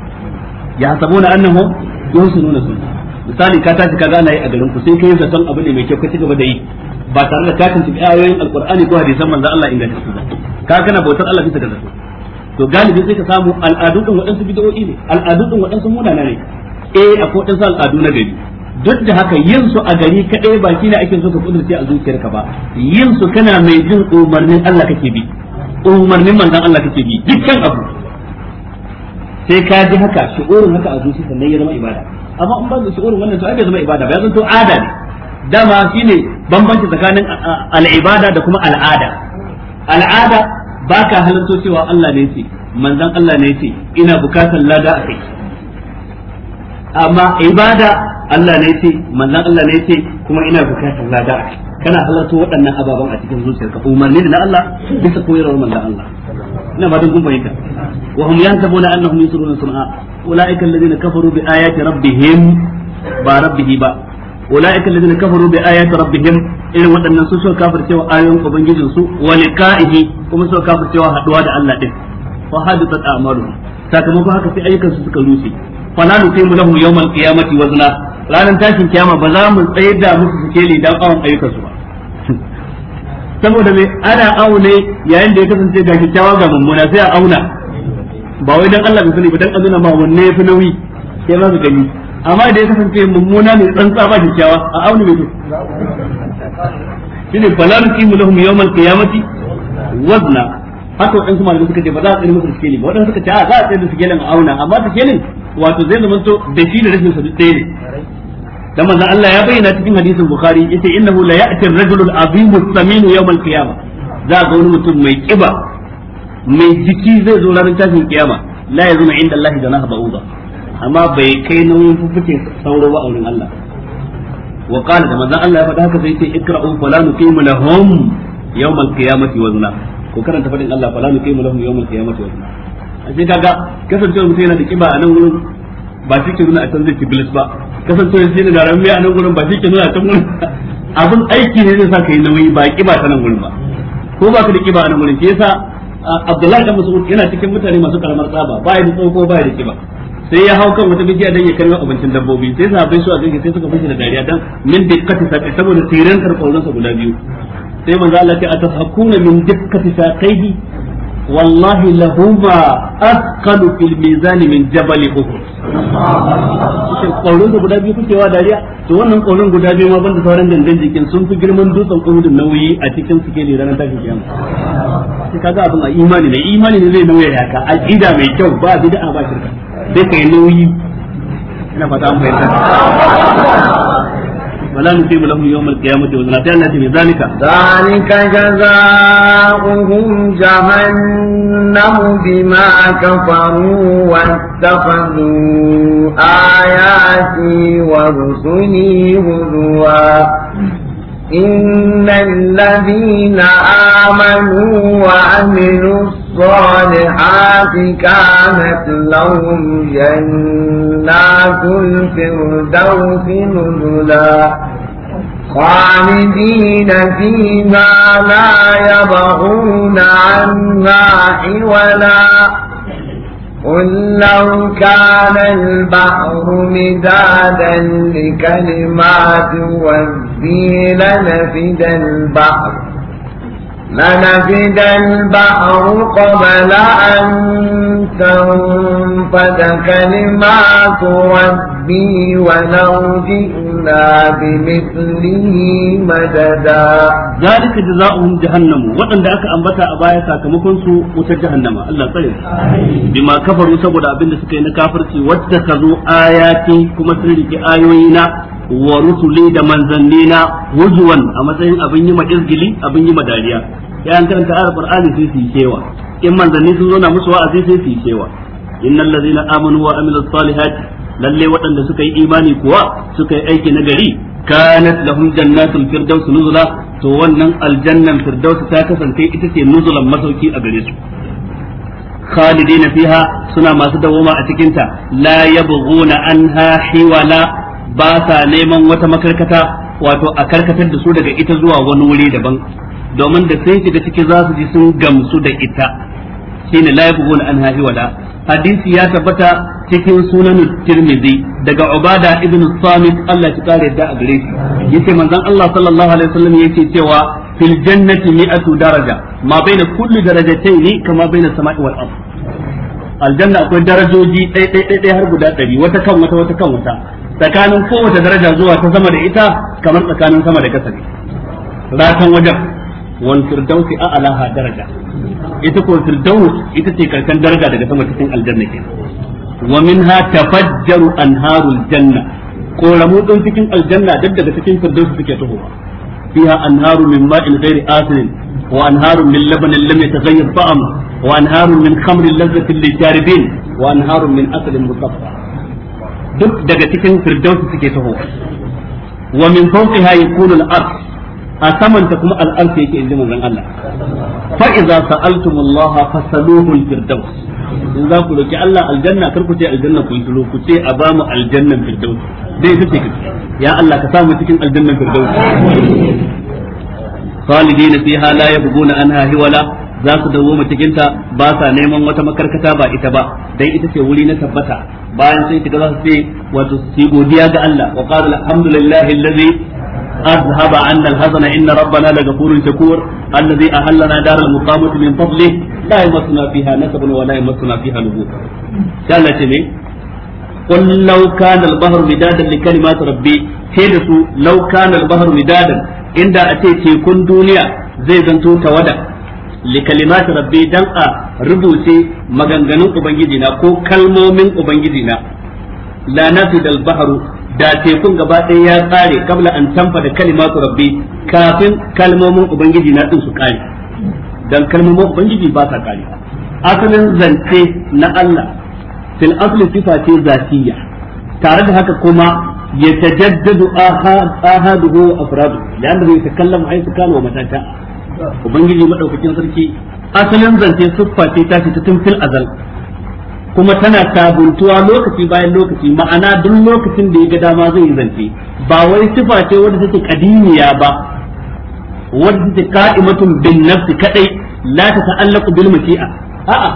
Speaker 1: Ya yahsabuna annahum yuhsinuna sunna misali ka tashi ka ana yi a garin ku sai kai zaton abu ne mai kyau ka ci gaba da yi ba tare da ka tuntubi ayoyin Alkur'ani ko hadisan manzon Allah inganta su ba ka kana bautar Allah bisa ga zato to galibi sai ka samu al'adu din waɗansu bid'o'i ne al'adu din waɗansu munana ne eh akwai waɗansu al'adu na gari duk da haka yin su a gari kaɗai ba shi ne ake so ka kudurce a zuciyarka ba yin su kana mai jin umarnin Allah kake bi umarnin manzon Allah kake bi dukkan abu sai ka ji haka shi'urin haka a zuci sannan ya zama ibada amma in ba da shi'urin wannan to ai bai zama ibada ba ya zanto ada ne dama shine bambanci tsakanin al'ibada da kuma al'ada al'ada baka halarto cewa Allah ne yake manzon Allah ne yake ina bukatar lada a kai amma ibada Allah ne yake manzon Allah ne yake kuma ina bukatar lada a kai kana halarto waɗannan ababen a cikin zuciyarka umarni da na Allah bisa koyarwar manzon Allah ina fatan kun fahimta wa hum yahsabuna annahum yusruna sun'a ulaika alladhina kafaru bi ayati rabbihim ba rabbihi ba ulaika alladhina kafaru bi ayati rabbihim irin waɗannan su suka kafircewa ayoyin ubangijin su wa liqa'ihi kuma suka kafircewa haduwa da Allah din fa hadathat a'maluhum sakamakon haka sai ayyukan su suka rushe fala nuqimu lahum yawmal qiyamati wazna ranar tashin kiyama ba za mu tsaye da musu suke lidan awon ayyukan su ba saboda mai ana aune yayin da ya kasance ga kyakkyawa ga mummuna sai a auna ba wai dan Allah ba sani ba dan azuna ma wanne yafi nauyi sai za su gani amma da ya kasance mummuna ne tsantsa tsaba kyakkyawa a auna bai shi ne bala nuqimu lahum yawmal qiyamati wazna haka wadansu malamai suka ce ba za a tsaye musu sikeli ba wadansu suka ce a za a tsaye da sikelin a auna amma sikelin wato zai zama to da shi da rashin sa duk ɗaya ne dan manzon Allah ya bayyana cikin hadisin bukhari yace innahu la ya'ti ar-rajulu al-azim as-samin yawm al-qiyamah za ga wani mutum mai kiba mai jiki zai zo ranar tashin kiyama la yazuna inda Allah janaha ba'uda amma bai kai nauyin fufuke sauro ba a wurin Allah wa qala da manzon Allah ya faɗa haka sai yace ikra'u fala nuqimu lahum yawm al-qiyamati wazna ko karanta Allah fala nuqimu lahum yawm al-qiyamati wazna sai kaga kasancewa mutum yana da kiba a nan wurin ba shi ke nuna a can zai ci bilis ba kasancewa shi ne garan mai a nan gurin ba shi ke nuna a can gurin abin aiki ne zai sa ka yi nauyi ba kiba ta nan gurin ba ko ba ka da kiba a nan gurin ke yasa Abdullahi dan musu yana cikin mutane masu karamar tsaba ba ya da tsawo ko ba ya da kiba sai ya hau kan wata bijiya dan ya kalli abincin dabbobi sai bai su a gani sai suka fushi da dariya dan min kati sakai saboda tiran karkaurin sa guda biyu sai manzo Allah ya ce atahakuna min sa sakaihi wallahi lahuma asqalu fil mizan min jabal uhud shi kaurin da guda biyu kuke wa dariya to wannan kaurin guda biyu ma banda sauran dandan jikin sun fi girman dutsen uhud nauyi a cikin suke ne ranar tafi kiyama sai kaga abin a imani ne imani ne zai nauya da ka aqida mai kyau ba bid'a ba shirka sai nauyi ولا نقيم لهم يوم القيامة وزنا تعالى ذلك ذلك جزاؤهم جهنم
Speaker 2: بما كفروا واتخذوا آياتي ورسلي هزوا إن الذين آمنوا وعملوا الصالحات كانت لهم جنات الفردوس نزلا خالدين فيما لا يبغون عنها حولا قل لو كان البحر مدادا لكلمات ربي لنفد البحر لنفد البحر قبل أن تنفد كلمات ربي
Speaker 1: ولو جئنا بمثله مددا ذلك جزاؤهم جهنم وطن دعك أنبتا أبايا ساكمكن سوء جهنم الله طيب بما كفروا سبب أبن سكين كافرتي واتخذوا آياتي كما تريد آيوينا wa rusuli da na wujuwan a matsayin abin yi ma abin yi ma dariya ya an karanta a qur'ani sai su yi kewa in manzanni sun zo na musu wa'azi sai su yi kewa innal ladzina amanu wa amilus salihati lalle waɗanda suka yi imani kuwa suka yi aiki na gari kanat lahum jannatul firdaus nuzula to wannan aljannan firdaus ta kasance ita ce nuzulan masauki a gare su khalidina fiha suna masu dawoma a cikin ta la yabghuna anha hiwala ba sa neman wata makarkata wato a karkatar da su daga ita zuwa wani wuri daban domin da sai shiga ciki za su ji sun gamsu da ita shine la an anha wala hadisi ya tabbata cikin sunan tirmidhi daga ubada ibn samit Allah ya kare da a gare shi yace manzon Allah sallallahu alaihi wasallam yace cewa fil jannati mi'atu daraja ma baina kulli darajatayn kama baina samai wal ardh aljanna akwai darajoji ɗai ɗai ɗai har guda ɗari wata kan wata wata kan wata tsakanin kowace daraja zuwa ta sama da ita kamar tsakanin sama da kasa ne ratan wajen wal firdausi a alaha daraja ita ko firdaus ita ce karshen daraja daga sama cikin aljanna ke wa minha tafajjaru anharul janna koramu din cikin aljanna duk daga cikin firdaus suke tahowa fiha anharu min ma'in ghairi asirin وأنهار من لبن لم يتغير طعمه وأنهار من خمر لذة للشاربين وأنهار من أصل مصفى duk daga cikin firdausi suke taho wa min fawqiha yakunu al a saman kuma al-ard yake inda manzon Allah fa idza sa'altum Allah fasaluhu al-firdaus in za Allah aljanna kar aljanna ku yi a aljannan ya Allah ka samu aljannan khalidina fiha la yabghuna anha hiwala za su dawo cikin ta ba sa neman wata makarkata ba ita ba dan ita ce wuri na tabbata bayan sai kiga za su ce wato su godiya ga Allah wa qala alhamdulillahi allazi أذهب عنا الحزن إن ربنا لغفور شكور الذي أهلنا دار المقامة من فضله لا يمسنا فيها نسب ولا يمسنا فيها لغوب قال لي قل لو كان البحر مدادا لكلمات ربي كيدسو لو كان البحر مدادا inda a ce tekun duniya zai zanto tawada li kalimati rabbi dan a rubuce maganganun ubangiji na ko kalmomin ubangiji na la nafidal bahru da tekun gaba ɗaya ya tsare kabla an tamfa da kalimatu rabbi kafin kalmomin ubangiji na din su kare dan kalmomin ubangiji ba sa kare asalin zance na Allah fil asli sifati zatiyya tare da haka kuma Ya يتجدد آهاده a لأنه يتكلم حيث كان ومتى شاء ubangiji madaukakin sarki asalin zance siffa ce ta ce ta tun fil azal kuma tana sabuntuwa lokaci bayan lokaci ma'ana duk lokacin da ya ga dama zai yi zance ba wai siffa ce wadda take kadimiya ba wadda take ka'imatun bin nafsi kadai la ta ta'allaqu bil muti'a a'a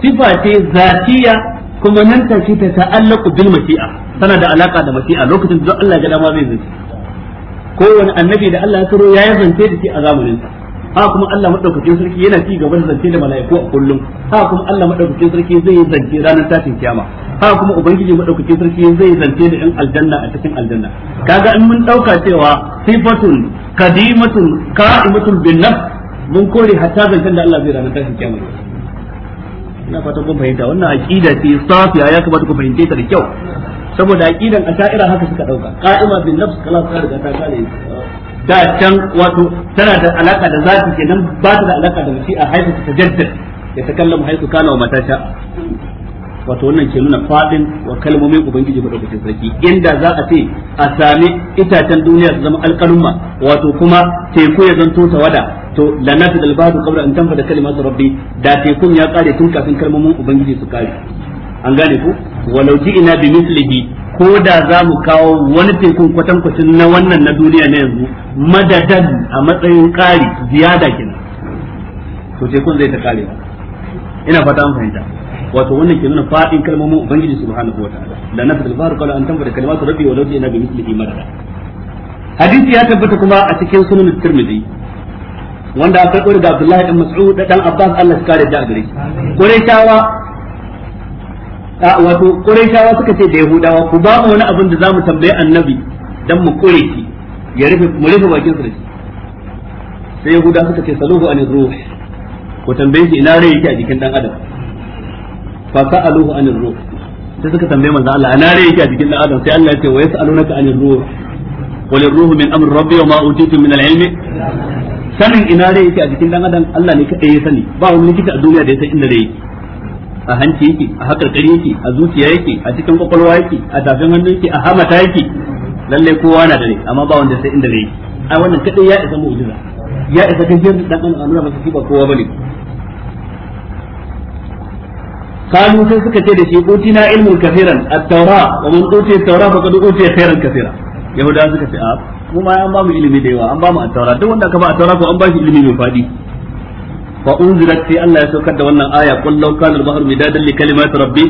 Speaker 1: siffa ce zatiya kuma nan ta ce ta ta'allaqu bil muti'a tana da alaka da a lokacin da Allah ya dama zai zance kowane annabi da Allah ya karo ya yi zance da shi a zamanin sa ha kuma Allah madaukakin sarki yana ci gaba da zance da mala'iku a kullum ha kuma Allah madaukakin sarki zai zance ranar tashin kiyama ha kuma ubangiji madaukakin sarki zai zance da yan aljanna a cikin aljanna kaga in mun dauka cewa sifatun qadimatun qa'imatul binnaf mun kore hatta zancen da Allah zai ranar tashin kiyama ina fatan kun fahimta wannan aqida ce safiya ya kamata ku fahimce ta da kyau saboda aqidan asha'ira haka suka dauka qa'ima bin nafs kala ta riga ta kare da can wato tana da alaka da zati kenan ba ta da alaka da a haifu ta jaddad ya takallamu haifu kana wa mata wato wannan ke nuna fadin wa kalmomin ubangiji madaukakin sarki inda za a ce a sami itacen duniya su zama alƙalumma wato kuma teku ya zanto tawada to lanatu dal ba'du qabla an da kalimatu rabbi da tekun ya kare tun kafin kalmomin ubangiji su kare an gane ku walau ina bi mislihi ko da za mu kawo wani tekun kwatankwacin na wannan na duniya na yanzu madadan a matsayin ƙari ziyada kenan to tekun zai ta kare ina fata an fahimta wato wannan ke nuna fadin kalmomin ubangiji subhanahu wataala la nafsu al-faru qala an tanfada kalimatu rabbi walau ina bi mislihi madada hadisi ya tabbata kuma a cikin sunan tirmidhi wanda aka karɓo daga Abdullahi dan Mas'ud da dan Abbas Allah ya kare da gare shi Qurayshawa wato quraishawa suka ce da yahudawa ku ba mu wani abin da zamu tambaye annabi dan mu kure shi ya rufe mu rufe bakin sa sai yahuda suka ce saluhu anir ruh ku tambaye shi ina rai yake a jikin dan adam fa sa'aluhu anir ruh sai suka tambaye manzo Allah ina rai yake a jikin dan adam sai Allah ya ce wa yas'alunaka anir ruh qul ar-ruh min amri rabbi wa ma utitu min al-ilmi sanin ina rai yake a jikin dan adam Allah ne kadai ya sani ba wani likita a duniya da ya san inda rai yake a hanci yake a hakarkari yake a zuciya yake a cikin kwakwalwa yake a tafin hannu yake a hamata yake lalle kowa na dare amma ba wanda sai inda rai. ai wannan kadai ya isa mu'jiza ya isa kan jiyar da dan annura masa ba kowa bane kanu sai suka ce da shi utina ilmul kafiran at-taura wa man utiya at-taura faqad utiya khairan kafira yahudawa suka ce a mu ma an ba mu ilimi da yawa an ba mu at-taura duk wanda ka ba at-taura ko an ba shi ilimi mai fadi fa unzilat sai Allah ya saukar da wannan aya qul law kana al-bahru midadan li kalimati rabbi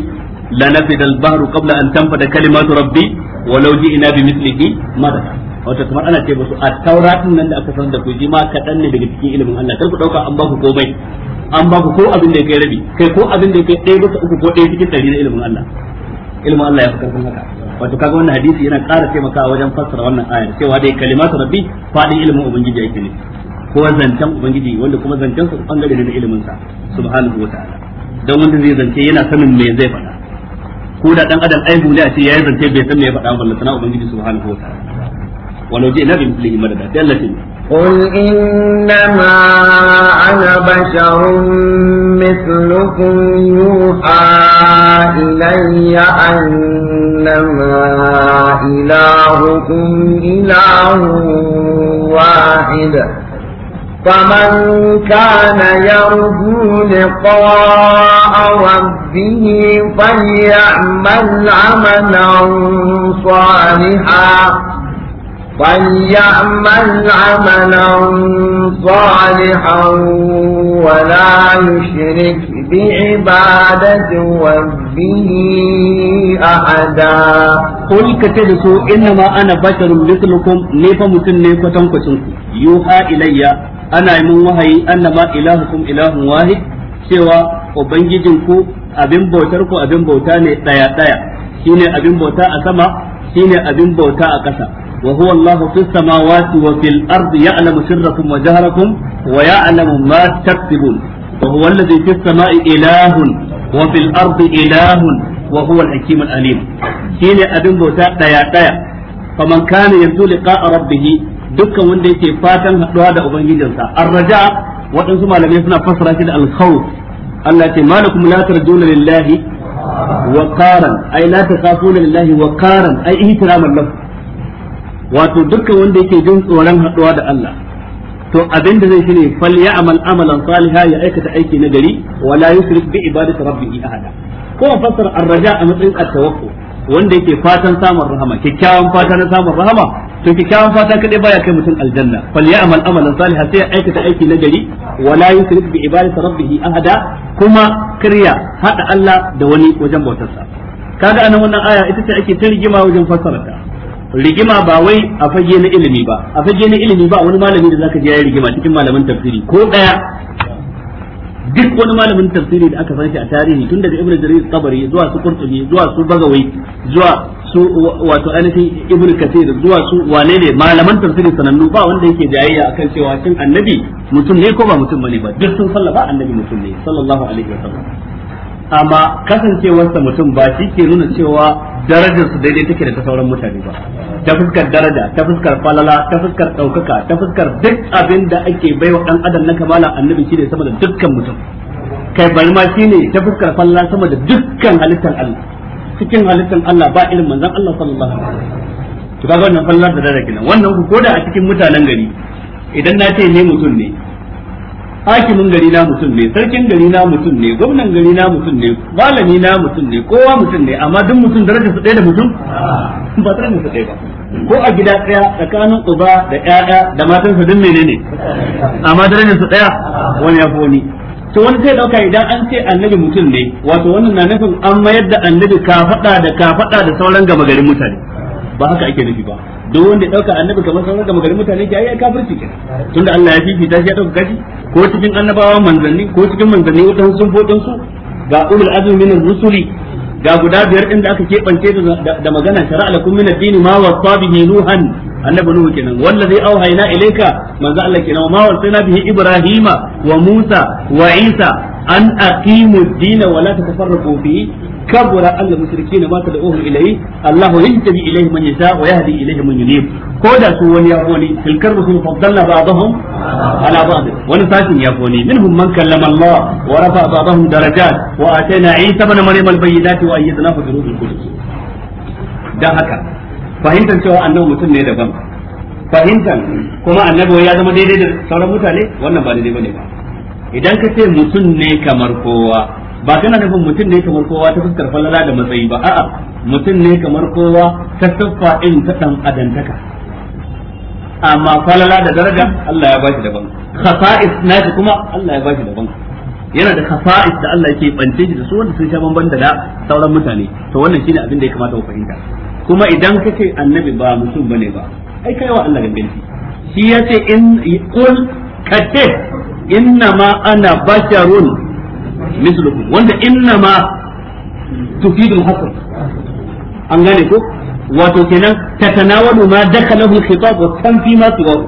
Speaker 1: لنفد البحر قبل أن تنفد كلمات ربي ولو جئنا بمثله مددا wato kamar ana ce musu a tauratin nan da aka san da ku ji ma kaɗan ne daga cikin ilimin Allah kar ku ɗauka an ba ku komai an ba ku ko abin da ya kai rabi kai ko abin da ya kai ɗaya bisa uku ko ɗaya cikin ɗari na ilimin Allah ilimin Allah ya fi karfin haka wato kaga wannan hadisi yana ƙara taimakawa wajen fassara wannan ayar cewa dai kalimatu rabbi faɗin ilimin ubangiji yake ne ko zancen ubangiji wanda kuma zancen su bangare ne na ilimin sa subhanahu wataala dan wanda zai zance yana sanin me zai faɗa ko da dan adam aibu ne a ce yayi zance bai san me ya faɗa ba sana ubangiji subhanahu wa ta'ala walau ji'na bi mithlihi madada sai Allah ya قل إنما أنا بشر مثلكم
Speaker 2: يوحى إلي أنما إلهكم إله واحد فمن كان يرجو لقاء ربه فليعمل عملا صالحا فليعمل عملا صالحا ولا يشرك بعبادة
Speaker 1: ربه أحدا قل كتبت إنما أنا بشر مثلكم ليس مسلم كتنكتنكم يوحى إلي ana yi mun wahayi annama ilahukum ilahun wahid cewa ubangijin ku abin bautar ku abin bauta ne daya daya shine abin bauta a sama shine abin bauta a ƙasa wa huwa Allah fi samawati wa fil ardi ya'lamu sirrakum wa jahrakum wa ya'lamu ma taktubun wa huwa alladhi fi samai ilahun wa fil ardi ilahun wa huwa al-hakim al-alim shine abin bauta daya daya faman kana yarju liqa'a rabbih dukkan wanda yake fatan haɗuwa da ubangijinsa Arraja waɗansu malamai suna fassara shi da al-khawf Allah ce malakum la tarjuna lillahi wa qaran ai la takhafuna lillahi wa qaran ai ihtiraman lahu wato dukkan wanda yake jin tsoron haɗuwa da Allah to abin da zai shine fal ya'mal amalan salihan ya aikata aiki na gari wala yusrik bi ibadati rabbih ahada ko fassara arraja a matsayin at-tawakkul wanda yake fatan samun rahama kyakkyawan fata na samun rahama to kyakkyawan fata kadai baya kai mutum aljanna fal ya'mal amalan salihan sai ya aikata aiki na gari wala yushrik bi ibadati rabbih ahada kuma kirya hada Allah da wani wajen bautarsa kaga anan wannan aya ita ce ake ta rigima wajen fassara ta rigima ba wai a fage na ilimi ba a fage na ilimi ba wani malami da zaka je ya rigima cikin malaman tafsiri ko daya duk wani malamin tafsiri da aka san shi a tarihi tun daga ibnu jarir tabari zuwa su qurtubi zuwa su bagawai zuwa su wato ainihin ibnu kathir zuwa su wane ne malaman tafsiri sanannu ba wanda yake jayayya akan cewa shin annabi mutum ne ko ba mutum bane ba duk sun sallaba annabi mutum ne sallallahu alaihi wasallam amma kasancewarsa mutum ba shi ke nuna cewa su daidai take da ta sauran mutane ba ta fuskar daraja ta fuskar falala ta fuskar ɗaukaka ta fuskar duk abin da ake baiwa ɗan adam na kamala annabi shi ne sama da dukkan mutum kai bari ma shi ne ta fuskar falala sama da dukkan halittar Allah cikin halittar Allah ba irin manzon Allah sallallahu alaihi wasallam to kaga wannan falala da daraja kenan wannan ko da a cikin mutanen gari idan na ce ne mutum ne hakimin gari na mutum ne sarkin gari na mutum ne gwamnan gari na mutum ne malami na mutum ne kowa mutum ne amma duk mutum darajar su ɗaya da mutum ba darajar su ɗaya ba ko a gida ɗaya tsakanin uba da ƴaƴa da matansa duk menene amma darajar su ɗaya wani ya wani to wani sai dauka idan an ce annabi mutum ne wato wannan na nufin an mayar da annabi kafada da kafada da sauran gama garin mutane ba haka ake nufi ba duk wanda ya dauka annabi kamar sauran kamar garin mutane ke ayi kafirci kenan tunda Allah ya fifita shi ya dauka kashi ko cikin annabawa manzanni ko cikin manzanni wata sun fodin su ga ulul azmi min rusuli ga guda biyar din da aka kebance da magana shara lakum min ad-din ma wasa bihi nuhan annabi nuhu kenan wallazi auhayna ilayka manzo Allah kenan ma wasana bihi ibrahima wa musa wa isa an aqimu ad-din wa la tatafarraqu fihi كبر أن المشركين ما تدعوهم إليه الله يجتبي إليه من يشاء ويهدي إليه من ينيب كودا سوى يابوني في الكرب فضلنا بعضهم على بعض ونساس يابوني منهم من كلم الله ورفع بعضهم درجات وآتينا عيسى بن مريم البينات وأيدناه بروح القدس da haka fahimtar cewa annabi mutum ne daban fahimtar kuma annabi ya zama daidai da sauran mutane wannan ba daidai bane ba idan ka ce mutum ne kamar kowa ba kana nufin mutum ne kamar kowa ta fuskar falala da matsayi ba a'a mutum ne kamar kowa ta siffa in ta dan adantaka amma falala da daraja Allah ya bashi daban khasa'is nashi kuma Allah ya bashi daban yana da khasa'is da Allah yake bance shi da su wanda sun sha bamban da sauran mutane to wannan shine abin da ya kamata ku fahimta kuma idan kace annabi ba mutum bane ba ai kai wa Allah ganganci shi yace in qul kace inna ma ana basharun mislukum wanda inna ma tufidul hasr an gane ko wato kenan tatanawalu ma dakalahu al-khitab wa kan ma siwahu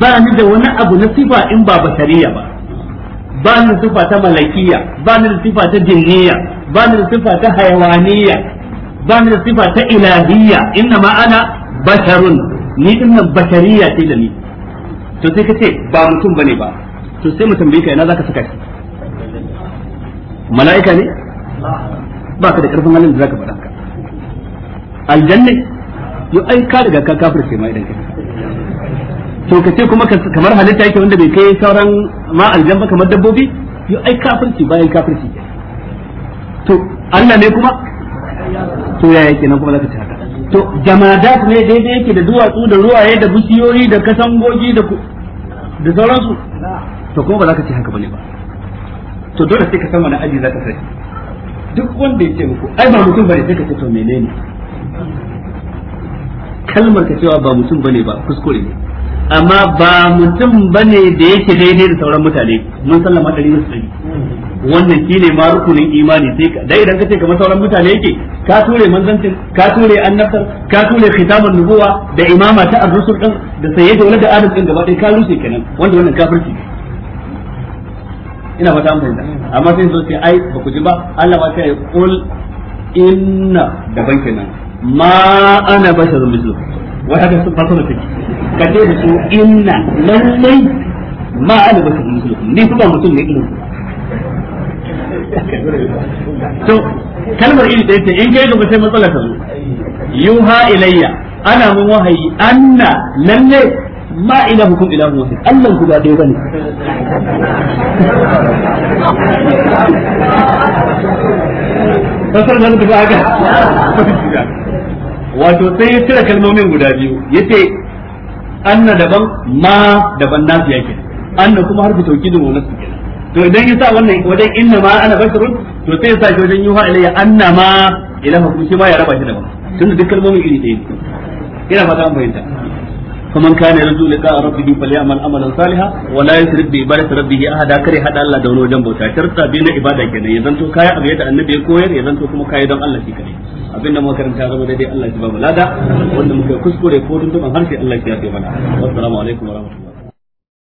Speaker 1: ba ni da wani abu na sifa in ba bashariya ba ba ni da sifa ta malakiya ba ni da sifa ta jinniya ba ni sifa ta hayawaniya ba ni sifa ta ilahiyya inna ma ana basharun ni dinnan bashariya ce da ni to sai ka ba mutum bane ba to sai mu tambaye ka ina zaka saka shi mala'ika ne ba ka da karfin halin da zaka faɗa ka aljanna yo ai ka riga ka kafirce ma idan ka to ka ce kuma kamar halitta yake wanda bai kai sauran ma aljan ba kamar dabbobi yo ai kafirci bayan ci to Allah ne kuma to yake kenan kuma zaka ce haka to jamadat ne daidai yake da duwatsu da ruwaye da bishiyoyi da kasangogi da da sauransu to kuma ba za ka ce haka bane ba to dole sai ka san wani aji zaka sai duk wanda yake muku ai ba mutum bane sai ka ce to menene kalmar ka cewa ba mutum bane ba kuskure ne amma ba mutum bane da yake daidai da sauran mutane mun sallama dari musulmi wannan shine ma rukunin imani sai ka dai idan ka ce kamar sauran mutane yake ka ture manzancin ka ture annabtar ka ture khitaman nubuwa da imama ta ar-rusul din da sayyidul walad adam din gaba ɗaya ka rushe kenan wanda wannan kafirci ne ina ba ta fahimta amma sai zo sai ai ba ku ji ba Allah ba sai kul inna da banki nan ma ana basharun mislu wa haka sun fasara take ka ce da su inna lallai ma ana ba shi basharun mislu ni kuma mutum ne irin
Speaker 3: to kalmar iri da
Speaker 1: yake in kai gaba sai matsala ta zo yuha ilayya ana mun wahayi anna lalle ma ina hukum ilahun wahid Allah guda ɗaya bane
Speaker 3: kasar da haka
Speaker 1: wato sai ya cire kalmomin guda biyu yace anna daban ma daban nasu yake anna kuma harfi tawkidin wa nasu kenan to idan ya wannan wajen inna ma ana basharun to sai ya wajen yuha ilayya anna ma ilaha kuma shi ma ya raba shi daban tunda duk kalmomin iri ina fata an fahimta فمن كان يرجو لقاء ربه فليعمل عملا صالحا ولا يشرك بعبادة ربه أحدا كره حتى الله دون وجن بوتا شرط بين عبادة كده يزن تو كاي أبيت النبي كوير يزن تو كما كاي دون الله كده abinda muka karanta zama daidai Allah ya ba mu lada wanda muka kuskure ko dundun harshe Allah ya yafe mana assalamu alaikum warahmatullahi